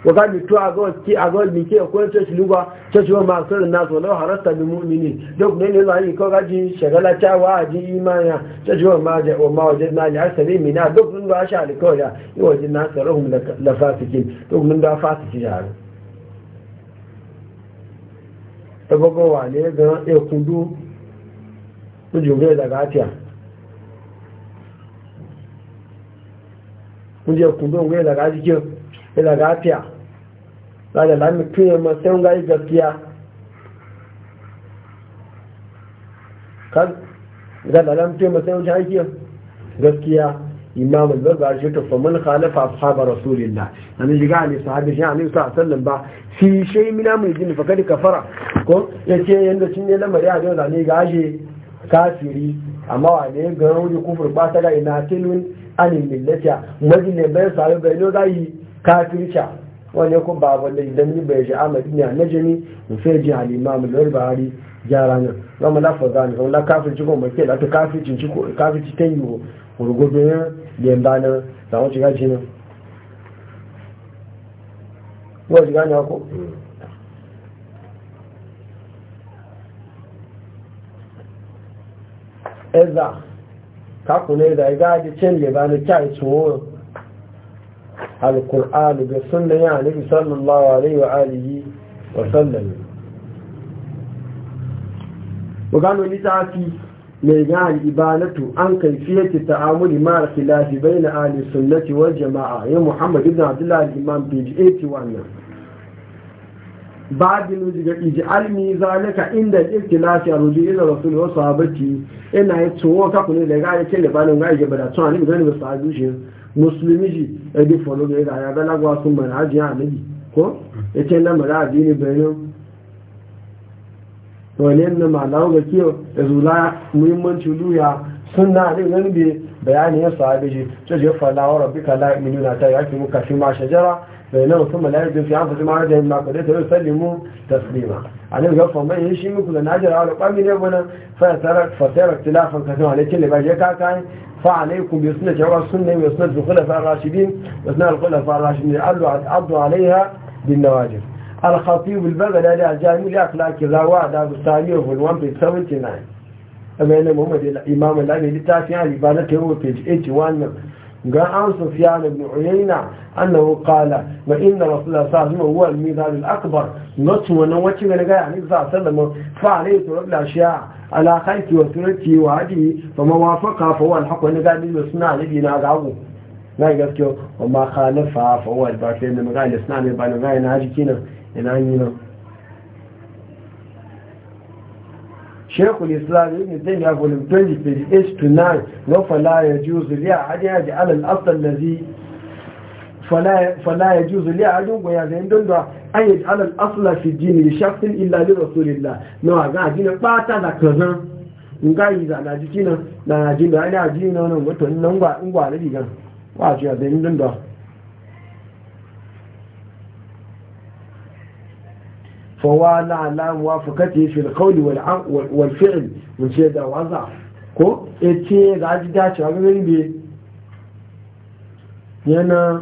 وقال متو أقول كي أقول ميكي أقول تشلوغا تشلوغا ما أصر الناس ولو حرصت بمؤمنين دوك نين الله يكو غاجي شغلة شاوا جي إيمانا تشلوغا ما جاء وما وجدنا لعسل منا دوك نين باشا لكولا يوجدنا أكثرهم لفاسكين دوك نين بافاسكين جارو ẹgbọ́gbọ́ wà ní ẹgbẹ̀rán ẹkùndú lójúgbé ìdàgbà àti à ń jẹ́ ẹkùndú ògbé ìdàgbà àti jẹ́ ìdàgbà àti à zaga da mu tuye ma sai ga gaskiya kan ga da mu tuye ma sai ga aiki gaskiya imam al-barba shi to fa khalafa ashab rasulillah an ji ga ne sahabi shi annabi sallallahu alaihi wasallam ba shi shay min amri jin fa kada kafara ko ce yanda shi ne lamari a ga ne ga shi kafiri amma wa ne ga wani kufur ba ta ga ina tilun anil millata majin ne bayan sahabi bai no ga yi kafirca wani kun ba wanda idan ni bai ji amadi ne na jini mu sai ji al-imam al-barbari jara nan zama la za ne zama kafin ci goma ke da ta kafin ci kafin ci tan yiwo gurgudu ne da ba na za mu shiga ko shiga ne ko eza ya gaji cin kyai tsohon القرآن بالسنة يعني النبي صلى الله عليه وآله وسلم وقالوا لتعفي ميغان الإبانة عن كيفية التعامل مع الخلاف بين آل السنة والجماعة يا محمد بن عبد الله الإمام بيج 81 بعد نجد علمي ذلك عند الاختلاف الرجوع إلى الرسول وصحابته إنه يتسوى كقول لغاية كلبان وغاية جبلات سوى نبغاني بصحابيش مسلمي ɗadi folo ga yadda ya galagwa sun mana ajiyar annabi ko ya ce addini bayanin wani ga kiyo da zula muhimmanci luya sun na da بيان صاحبه تجي فلا ربك لا يؤمنون حتى يحكموك فيما شجره بينهم ثم لا يجدون في انفسهم حرجا مما قضيت ويسلموا تسليما. علي يعني بن جعفر ما يمشي يقول انا اجر على قام يبنى فترك فترى اختلافا كثيرا عليك اللي بقى جاك كان فعليكم بسنه جواب السنه وسنه الخلفاء الراشدين وسنه الخلفاء الراشدين عضوا عليها بالنواجذ. الخطيب البغدادي الجامع لاخلاق الزواج ابو سامي 179 amma yana muhammadu imam al ne littafin al-ibana ta yawon page 81 ga an sufyan ibn uyayna annahu qala wa inna rasul sallallahu alaihi wasallam huwa al-mizan al-akbar not wannan wacce ga ga ani za sallama fa alayhi turabla shi'a ala khayti wa turati wa hadi fa ma wafaqa fa huwa al haq wa ni ga ni sunna nabi na ga gago na gaskiya wa ma khalafa fa huwa al-batil ni ga ni sunna ni ba ni ga ni haji kina ina ni nan shekul islam ibn taymiya volume 20 page 8 to 9 wa fala yajuzu li ahadin yaj'al al-asl alladhi فلا يجوز لأحد ويزين دون أن a الأصل في الدين لشخص إلا لرسول الله نوع قاعدين باتا ذكرنا ngai za na jikina na jini da ina na wani wato nan ba in ba wa ji da din da فوال على موافقته في القول والفعل من شيء ده وضع ko e ce da aji dace a gani ne yana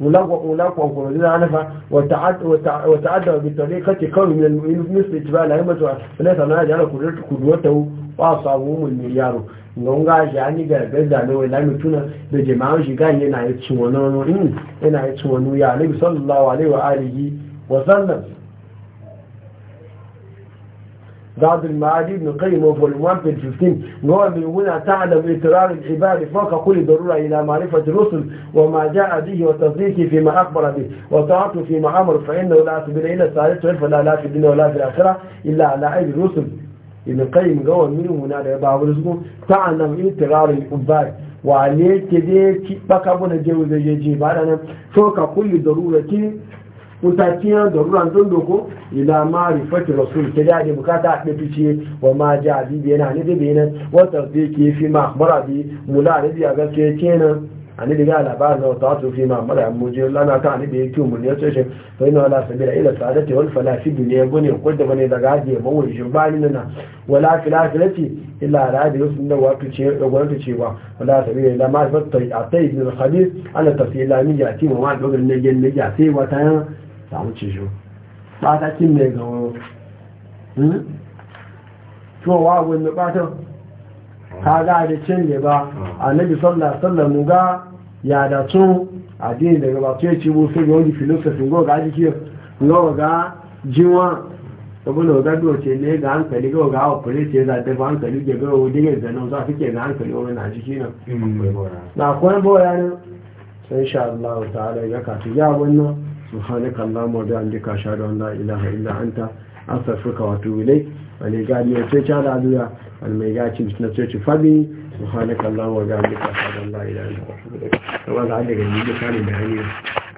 mulakwa kuma zai hanafa wa ta'adda bi tariqati kawai min al-mu'min fi misli ittiba al-aimatu wa la sana'a jara kudratu kudwatahu wa sabu min yaro ngonga jani ga gaza ne wai lami tuna da jama'an shiga yana yi ciwono in yana yi ciwono ya nabi sallallahu alaihi wa alihi wa sallam بعض المعادي من قيمه فوليوم 1 بيج 15 هو من هنا تعلم اضطرار العباد فوق كل ضروره الى معرفه الرسل وما جاء به وتصديقه فيما اخبر به وطاعته فيما امر فانه لا سبيل الا السعاده الف لا في الدنيا ولا في الاخره الا على ايدي الرسل ابن القيم قول منه هنا ده باب الرزق تعلم اضطرار العباد وعليه كده بكابون الجو زي يجيب بعد فوق كل ضروره mutakiyan da ruwan don doko ila ma rifati rasul ke da da bukata a ɗafi ce wa ma ji adibi yana ne da bayanan wata zai ke fi ma mara bi mula da biya gaske kenan a ne daga labarin na wata wato fi ma mara mu je lana ta ne da ya kiwo mun ya ce to ina wala sabila ila sadati wal falafi duniya gune ko da bane daga hadiye ba wani jubani nana wala filafilati illa radi yusun da wato ce da gwamnati ce ba wala sabila ila ma fatta atai ibn al-khabir ala tafsila min yati wa ma dogon ne gen ne ya sai wata sàwọn ti ṣo ne ga wọn hmm? tí wa wá wọn nípatọ́ kaga da cin gaba ah. annabi sallallahu alaihi wasallam ga ya da tun addini daga ba to yace mu sai ga wani philosophy go ga jiki go ga jiwa abu da ga doce ne ga hankali go ga operate da da hankali ga go dinga da nan za su ke ga hankali wani na jiki nan na kuma hmm. boya ne sha insha Allah ta'ala ya ka ya wannan سبحانك اللهم وبحمدك اشهد ان لا اله الا انت استغفرك واتوب اليك wani gani ya ce da addu'a wani mai gaci na ce ci fadi subhanaka wa bihamdika ashhadu la ilaha illa anta astaghfiruka wa atubu ilayk